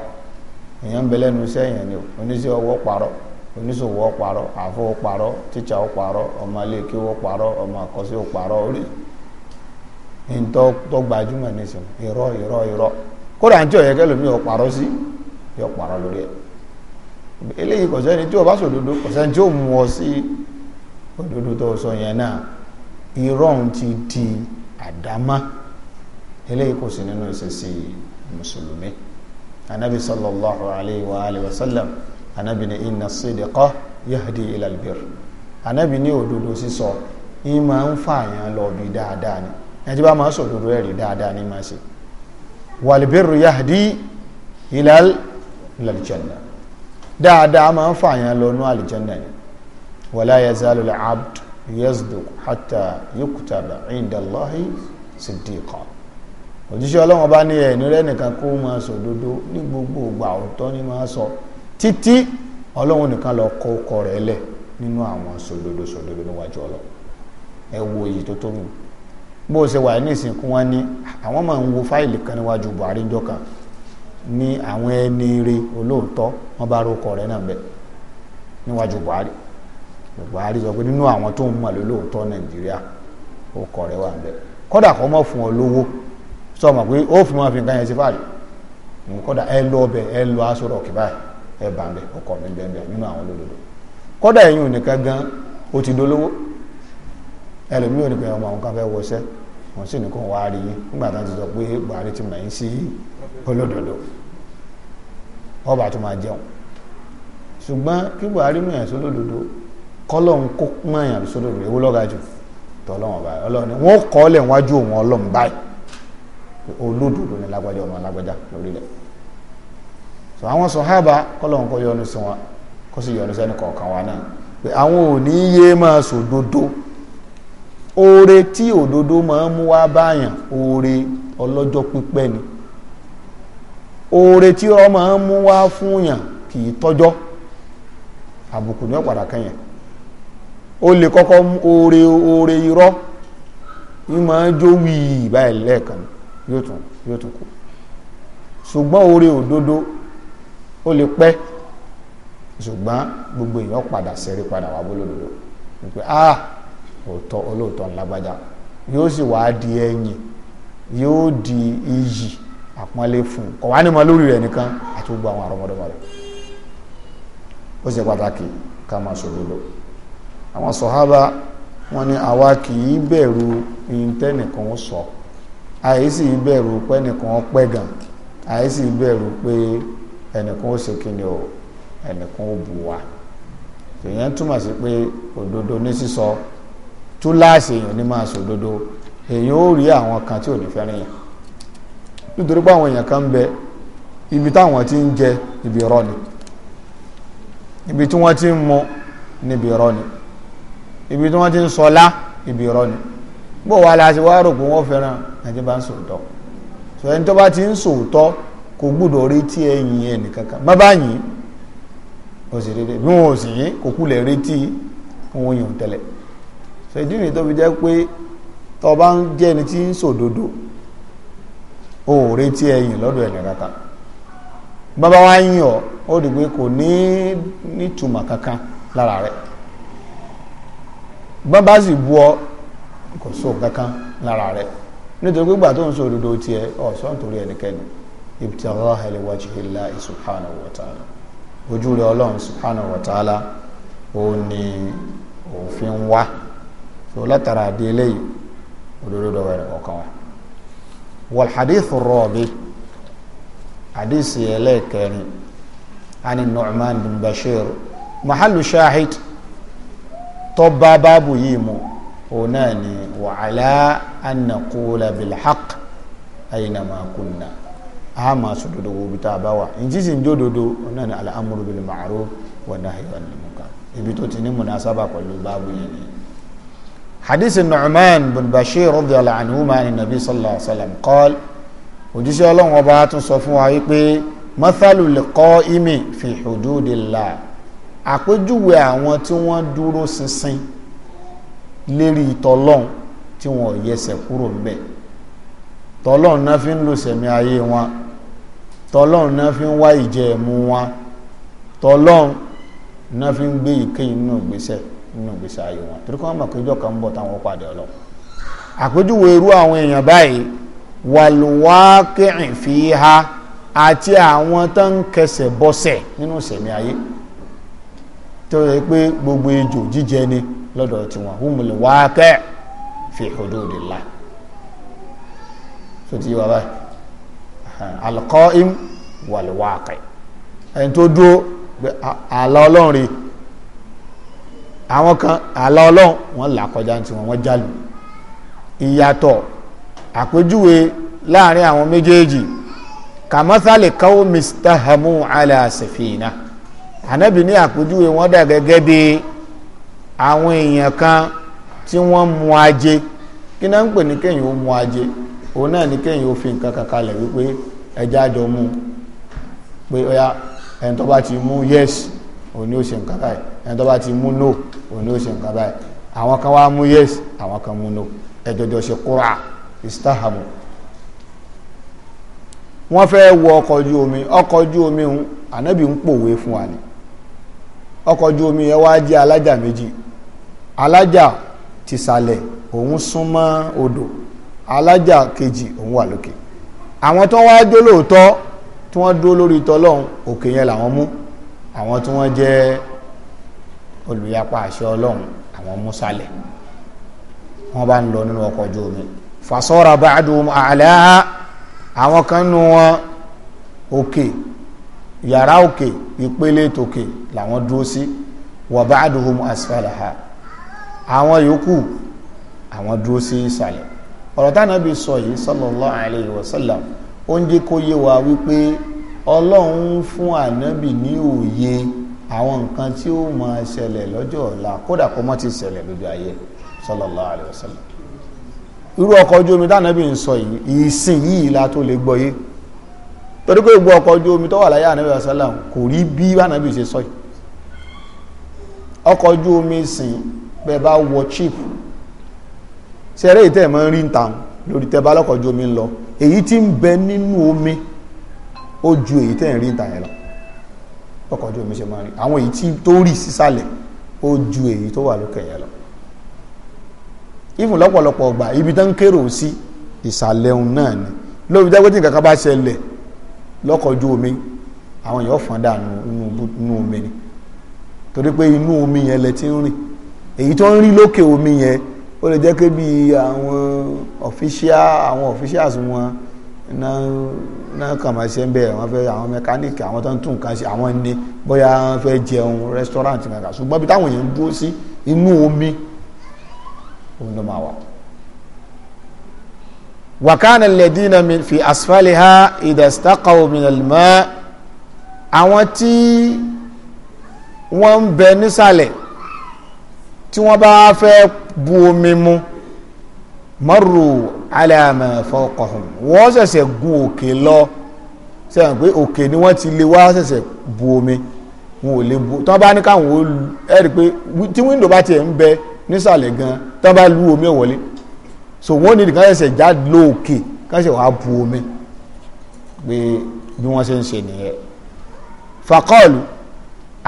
Speaker 1: èèyàn ń bẹ lẹ́nu iṣẹ́ yẹn ni oníṣẹ́ ọwọ́ parọ́ oníṣòwò ó parọ́ àfọ ó parọ́ tíṣà ó parọ́ ọmọ iléeké ó parọ́ ọmọ àkọsí ó parọ́ orí nǹtọ́ tó gbajúmọ̀ nísìnyí irọ́ irọ́ irọ́ kódà ní tí ọ̀yẹ́ kẹlòmí ó parọ́ sí yóò parọ́ lórí ẹ̀ eléyìí kò sẹ́ni tí o bá sòdodo kò sẹ́ni tí ó mú ọ sí òdodo tó sọ yẹn náà irọ́ ń ti di àdámá eléyìí kò sí nínú ìṣesí mùsùlùmí anabi sallallahu alayhi wa anabi ni inna sidqa yahdi ila albir anabi ní òdodo sísọ yín máa ń fààyàn lọ bí dáadáa ni ẹni tí bá máa ń sòdodo ẹ̀rí dáadáa ni máa ṣe walbirru yahdi ila aljanna dáadáa máa ń fààyàn lọ nú aljanna ni wala yazalu alabd yasduq hatta yuktaba inda allahi siddiqa òjíṣẹ́ ọlọ́wọ́n bá ní ẹ̀ nírẹ́ nìkan kó máa sòdodo ní gbogbo ìgbà òótọ́ ni máa sọ. So títí ọlọ́run nìkan lọ kọ ọkọ rẹ̀ lẹ̀ nínú àwọn sòdodo sòdodo níwájú ọlọ ẹ wo èyí tó tó mú bó o ṣe wà ní ìsìnkú wọn ni àwọn máa ń wo fáìlì kan níwájú Buhari jọ ní àwọn ẹni wọn bá rọkọ Buhari Buhari sọ pé nínú àwọn tó ń ọkọ rẹ wà bẹ ọ lówó sọ ma pé ó fi nǹkan yẹn sí ẹ lọ ẹ lọ aṣọ ẹ bá ń ọkọ mi bẹ́ẹ̀ bẹ́ẹ̀ nínú àwọn olódodo kọ́dà ẹ̀yin nìkan gan o ti dolówó ẹlòmíì ò pé ọmọ àwọn kan fẹ́ wọṣẹ́ wọ́n sì nìkan wá Buhari ti mọ̀ yín sí olódodo ọba tó máa jẹun ṣùgbọ́n kí Buhari mọ̀ sólódodo kó mọ̀ sólódodo ewu lọ́ga jù ọlọ́run ni wọ́n kọ́ ọ́ lẹ̀ so àwọn sọ̀hábà kọ́lọ̀hún kọ́ yọnu sí wọn kó sì yọnu sẹ́ni kọ̀ọ̀kan wa náà pé àwọn ò ní yé máa sòdodo oore tí òdodo máa ń mú wá báyàn oore ọlọ́jọ́ pípẹ́ ni oore tí ọ máa ń mú wá fún yàn kì í tọ́jọ́ àbùkù ní ọ̀padà kẹyàn lè kọ́kọ́ oore oore irọ́ wíì báyìí lẹ́ẹ̀kan yóò tún yóò tún ó lè pẹ́ ṣùgbọ́n gbogbo èèyàn padà sẹ́rí padà wà bólódodo wípé ah òótọ́ olóòótọ́ ńlágbájá yóò sì wá di ẹ̀yìn yóò di iyì àpọ́nlé fún kò wá ní mọ lórí rẹ̀ nìkan àti gbogbo àwọn àrọmọdọ́mọ ó ṣe pàtàkì ká máa sọ̀rọ̀ lọ àwọn wọn ni àwa kì í bẹ̀rù sọ àìsí bẹ̀rù pẹ́nìkan pẹ́ gan àìsí bẹ̀rù pé. Pe ẹnìkan ó ṣe kí ni o ẹnìkan ó bù wá èèyàn túmọ̀ sí pé òdodo ní sísọ túláàsì èèyàn ní máa sọ òdodo èèyàn ó rí àwọn kan tí ò ní fẹ́ràn yẹn nítorí pé àwọn èèyàn kan ń bẹ ibi táwọn ti ń jẹ ibi irọ́ ni ibi tí wọ́n ti ń mu níbi irọ́ ni ibi tí wọ́n ti ń sọlá ibi irọ́ ni bó wàá la ṣe wá rò pé wọ́n fẹ́ràn ẹni tí bá ń sòótọ́ ẹni tó bá ti ń sòótọ́ kò gbúdọ̀ retí ẹ̀yìn ẹnìkankan má báyìí ó sì bí wọn ò sì yín kò kulẹ̀ retí wọn yàn tẹ́lẹ̀ sọ ìdí nìyí tó fi jẹ́ pé tó ń jẹ́ ẹni tí ń sòdodo ó retí ẹ̀yìn lọ́dọ̀ ẹnìkankan bàbá wa yín ọ ó rí i pé kò ní nítumọ̀ kankan lára bàbá sì bu ọ kò kankan lára nítorí pé gbà tó ń sòdodo ibtigha'a li wajhillahi subhanahu wa ta'ala ojú rẹ ọlọ́run subhanahu wa ta'ala ó ní òfin wá so látara àdé eléyìí òdodo dọwọ rẹ ọkàn wa wal hadithu rabi hadisi ẹlẹ́ẹ̀kẹrin ani Nu'man bin Bashir mahalu shahid tọba báàbù yìí mu òun náà ni wa ala an naqula bil kunna a máa sọ dodo wo bí tá a bá wà ní sísìn jó dodo náà ni al-amru bil ma'ruf wa nahyu anil munkar ibi tó ti ní munasaba pẹ̀lú báàbù yẹn ni. hadith nu'man bin bashir radiyallahu anhu ma ni nabi sallallahu alayhi wa sallam qal òjíṣẹ́ ọlọ́run ọba tún sọ fún wa wípé mathalu liqa'imi fi hududillah àpèjúwe àwọn tí wọ́n dúró ṣinṣin lérí ìtọ́lọ́n tí wọ́n yẹsẹ̀ kúrò ń bẹ̀ náà fi ń lò sẹ̀mí ayé wọn tọlọ́run náà fi ń wá ìjẹ ẹ̀mú wọn tọlọ́run náà fi ń gbé ìkéyìí nínú ìgbésẹ̀ nínú ìgbésẹ̀ ayé wọn torí kí wọ́n mọ̀ pé ìjọ kan ń bọ̀ táwọn pàdé ọlọ́ àpèjúwe irú àwọn èèyàn báyìí wàlúwákìrìn fi ha àti àwọn tó ń kẹsẹ̀ bọ́sẹ̀ nínú ìsẹ̀mí ayé tó yẹ pé gbogbo ejò jíjẹ ni lọ́dọ̀ tiwọn hùmùlẹ̀ wákẹ́ fi hududillah so ti yí wa báyìí alqa'im wal waqi en to do ala olorun re awon kan ala olorun won la koja nti won jalu iyato apejuwe laarin awon mejeji kamathali qaumi istahamu ala safina anabi ni apejuwe won da gege bi Awọn eyan kan ti won mu aje kina n pe ni keyin aje òun náà ní kéyìn ó fi nǹkan kankalẹ̀ wípé ẹjá jọ mú pé ọya ẹni tó bá ti mú yes òun ni ó ṣe nǹkan báyìí ẹni tó bá ti mú no òun ni ó ṣe nǹkan báyìí àwọn kan wá mú yes àwọn kan mú no ẹjọjọ ṣe kúrà istahamu wọ́n fẹ́ wọ ọkọ̀ ojú omi ọkọ̀ ojú omi ń ànábì ń pòwe fún wa ni ọkọ̀ ojú omi yẹn wá jẹ́ alájà méjì alájà tìsàlẹ̀ òun súnmọ́ odò alájà kejì òun wà lókè àwọn tó wá dó lóòótọ́ tí wọ́n dó lórí tọlọ́hun òkè yẹn làwọn mú àwọn tí wọ́n jẹ́ olùyapa àṣẹ ọlọ́run àwọn mú sálẹ̀ wọ́n bá ń lọ nínú ọkọ̀ ojú omi fasọ́ra ba'duhum a'la àwọn kan nù wọn òkè yàrá òkè ìpele tòkè làwọn dúró sí wa ba'duhum asfalaha àwọn yòókù àwọn dúró sí ìsàlẹ̀ ọ̀rọ̀ táwọn bí sọ yìí sallallahu alayhi wa sallam ó ń yé wa wípé ọlọ́run fún ànábì ní òye àwọn nǹkan tí ó máa ṣẹlẹ̀ lọ́jọ́ ọ̀la kódà kó ti ṣẹlẹ̀ lójú ayé sallallahu ọkọ̀ ojú omi bí ń sọ ìsìn yìí la tó lè gbọ́ yé torí pé ọkọ̀ ojú omi tó wà láyé ànábì kò rí bí ànábì ṣe sọ yìí ṣẹ̀rẹ́ ìtẹ́ mọ́ rí ń ta lórí tẹ́ bá lọ́kọ̀ ju omi ń lọ èyí tí ń bẹ nínú omi ó ju èyí tẹ́ ń rí ń ta yẹn lọ lọ́kọ̀ ju omi ṣe máa rí àwọn èyí tí tó rì sísàlẹ̀ ó ju èyí tó wà lókè yẹn lọ ìfún lọ́pọ̀lọpọ̀ ọgbà ibi tó ń kérò sí ìsàlẹ̀ òun náà ni lóbi jẹ́ pé tí nǹkan kan bá ṣẹlẹ̀ lọ́kọ̀ ju omi àwọn èèyàn fọ́n dànù inú omi ni torí pé inú omi yẹn lẹ ti ń rìn èyí tó ń rí lókè omi yẹn ó lè jẹ́ pé bí àwọn official àwọn officials wọn náà kàn máa ṣe ń bẹ̀rẹ̀ wọ́n fẹ́ àwọn mẹkáníkì àwọn tó ń tún nǹkan ṣe àwọn ní bóyá wọ́n fẹ́ jẹun restaurant kankan ṣùgbọ́n bí táwọn èèyàn dúró sí inú omi òun ló máa wà. wàkánà lẹ́dínà fi asfaliha ìdàstákàwò mìnàlùmọ́ àwọn tí wọ́n ń bẹ nísàlẹ̀ tí wọ́n bá fẹ́ bu omi mu maru alama fọkọhùn wọ́n ṣẹ̀ṣẹ̀ gun òkè lọ sẹ́yìn pé òkè ni wọ́n ti lè wá ṣẹ̀ṣẹ̀ bu omi wọn ò lè bu tí wọ́n bá ní káwọn ó pé tí wíńdò bá tiẹ̀ ń bẹ nísàlẹ̀ gan tí wọ́n bá lu omi wọlé so wọ́n ní nìkan ṣẹ̀ṣẹ̀ já lóòkè káṣẹ̀ wàá bu omi pé bí wọ́n ṣe ń ṣe nìyẹn fàkọ́ọ̀lù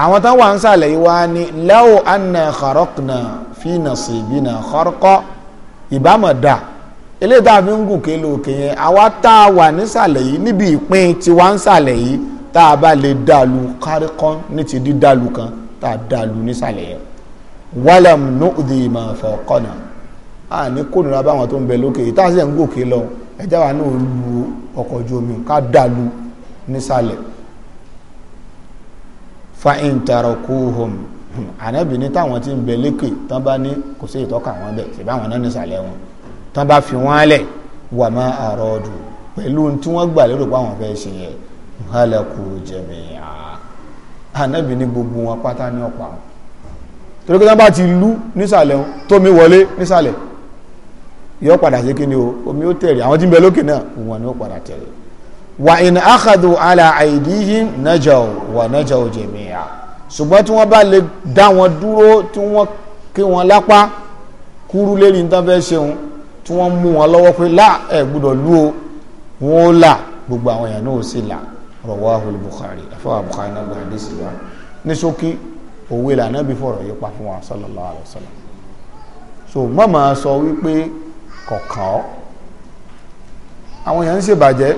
Speaker 1: àwọn tán wà ń sàlẹ̀ yìí wá ní law anna kharaqna fi nasibina kharqa ìbámọ̀dà eléyìí tá a fi ń gùn ké lóòkè yẹn àwa tá a wà nísàlẹ̀ yìí níbi ìpín tí wà ń sàlẹ̀ yìí tá a bá lè dàlù kárìkọ́ ní ti dí dàlù kan tá a dàlù nísàlẹ̀ yẹn walam nu'dhi ma fawqana a ní kónìra báwọn tó ń bẹ lókè yìí tá a sì ń gòkè lọ ẹjá fa'in tarakuhum ànábì ní táwọn tí ń bẹ lékè tán bá ní kò sí ìtọ́ka àwọn bẹ̀ ṣèbá àwọn náà nísàlẹ̀ wọn tán bá fi wọ́n lẹ̀ wà má ọdụ pẹ̀lú tí wọ́n gbà lérò pé àwọn fẹ́ gbogbo wọn pátá ní ọ̀pá wọn torí pé bá ti lú nísàlẹ̀ wọn tómi wọlé nísàlẹ̀ yọ padà sí o omi ó wa in akhadhu ala aidihim najaw wa najaw jami'a ṣùgbọ́n tí wọ́n bá lè dá wọn dúró tí wọ́n kí wọn lápá kúrú lérí ní tánfẹ́ ṣeun tí wọ́n mú wọn lọ́wọ́ pé lá ẹ̀ gbọ́dọ̀ lú o wọn ó là gbogbo àwọn èèyàn náà ó sì là rawahu al-Bukhari afọwọ́ Bukhari náà gbọ́dọ̀ dé sí wa ní ṣókí òwe lànà bí fọ̀rọ̀ yìí pa fún wa sallallahu alaihi wasallam so mọ́mọ́ sọ wípé kọ̀ọ̀kan àwọn èèyàn ń ṣèbàjẹ́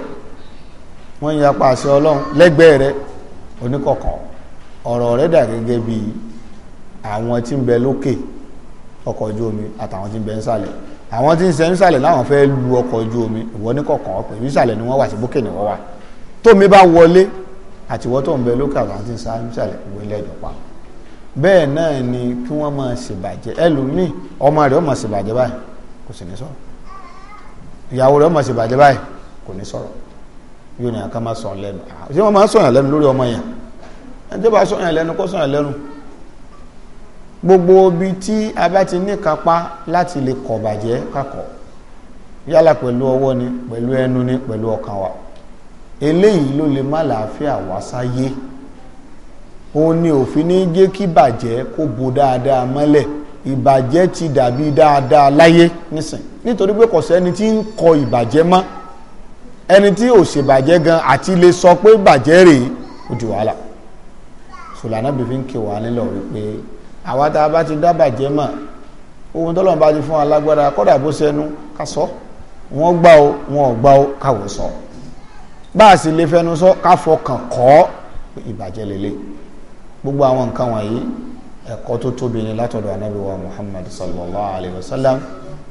Speaker 1: wọ́n ń yapa àṣẹ ọlọ́run lẹ́gbẹ̀ẹ́ rẹ oníkọ̀kọ̀ ọ̀rọ̀ rẹ dà gẹ́gẹ́ bí àwọn tí ń bẹ lókè ọkọ̀ ojú omi àtàwọn tí ń bẹ nsàlẹ̀ àwọn tí ń sẹ nsàlẹ̀ láwọn fẹ́ lu ọkọ̀ ojú omi ìwọ níkọ̀kọ̀ ọ̀pẹ̀ ìsàlẹ̀ ni wọ́n wà sí bókè ni wọ́n wà tómi bá wọlé àtiwọ́ tó ń bẹ lókè àtàwọn tí ń sá nsàlẹ̀ ìwé lẹ́dọ̀ pa bẹ́ẹ̀ náà ni kí wọ́n máa ṣèbàjẹ́ ẹlòmíì ọmọ rẹ̀ ó ṣèbàjẹ́ báyìí kò sì ní sọ̀rọ̀ ìyàwó rẹ̀ ó ṣèbàjẹ́ báyìí kò ní sọ̀rọ̀ yóò ní àká máa sọ̀n lẹ́nu ṣé wọ́n máa sọ̀yàn lẹ́nu lórí ọmọ yẹn ẹni tó bá sọ̀yàn lẹ́nu kó sọ̀yàn lẹ́nu gbogbo ibi tí a bá ti ní kápá láti lè kọ̀ bàjẹ́ kakọ̀ yálà pẹ̀lú ọwọ́ ni pẹ̀lú ẹnu ni pẹ̀lú ọkàn wa eléyìí ló lè má làáfíà wá sáyé òun ni òfin ní jẹ́ kí bàjẹ́ kó bo dáadáa mọ́lẹ̀ ìbàjẹ́ ti dàbí dáadáa láyé nísìn nítorí pé kò sẹ́ni tí ń kọ̀ ìbàjẹ́ mọ́ ẹni tí ò ṣèbàjẹ́ gan àti lè sọ pé bàjẹ́ rèé ó di wàhálà sùlànà bìbí ń kí wà nílọ wípé àwa tá a bá ti dá bàjẹ́ mọ̀ ohun tó lọ́nà bá ti fún wa lágbára kọ́dà bó sẹ́nu ká sọ wọ́n gbá o wọn ò gbá o káwọ́ sọ bá a sì lè fẹnu sọ ká fọkàn kọ́ ìbàjẹ́ lélẹ̀ gbogbo àwọn nǹkan wọ̀nyí ẹ̀kọ́ tó tóbi ni látọ̀dọ̀ anábì wa Muhammad sallallahu alayhi wa sallam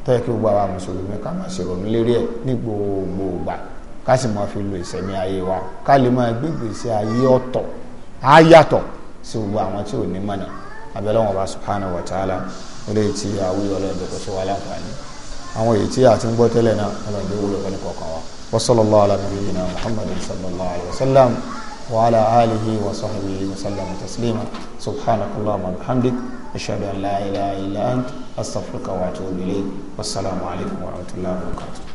Speaker 1: tó yẹ kí gbogbo àwa mùsùlùmí ká máa ṣèrònú lérí ẹ̀ ní gbogbo ìgbà ká sì máa fi lo ìsẹ̀mí ayé wa ká lè máa gbégbèsè ayé ọ̀tọ̀ á yàtọ̀ sí gbogbo àwọn tí ò ní mọ̀nà abẹ́lẹ́ wọn bá subhanahu wa ta'ala ó lè ti àwùjọ ọlọ́dún kò sí wa láǹfààní àwọn èyí tí a ti ń gbọ́ tẹ́lẹ̀ náà ọlọ́dún wúlò fẹ́ ní kọ̀ọ̀kan wa wa sallallahu ala nabiyyina muhammadin sallallahu alayhi wa sallam wa ala alihi wa sahbihi wa sallam taslima subhanakallahu wa bihamdik ashhadu an la ilaha illa ant astaghfiruka wa atubu ilayk wassalamu alaykum wa rahmatullahi wa barakatuh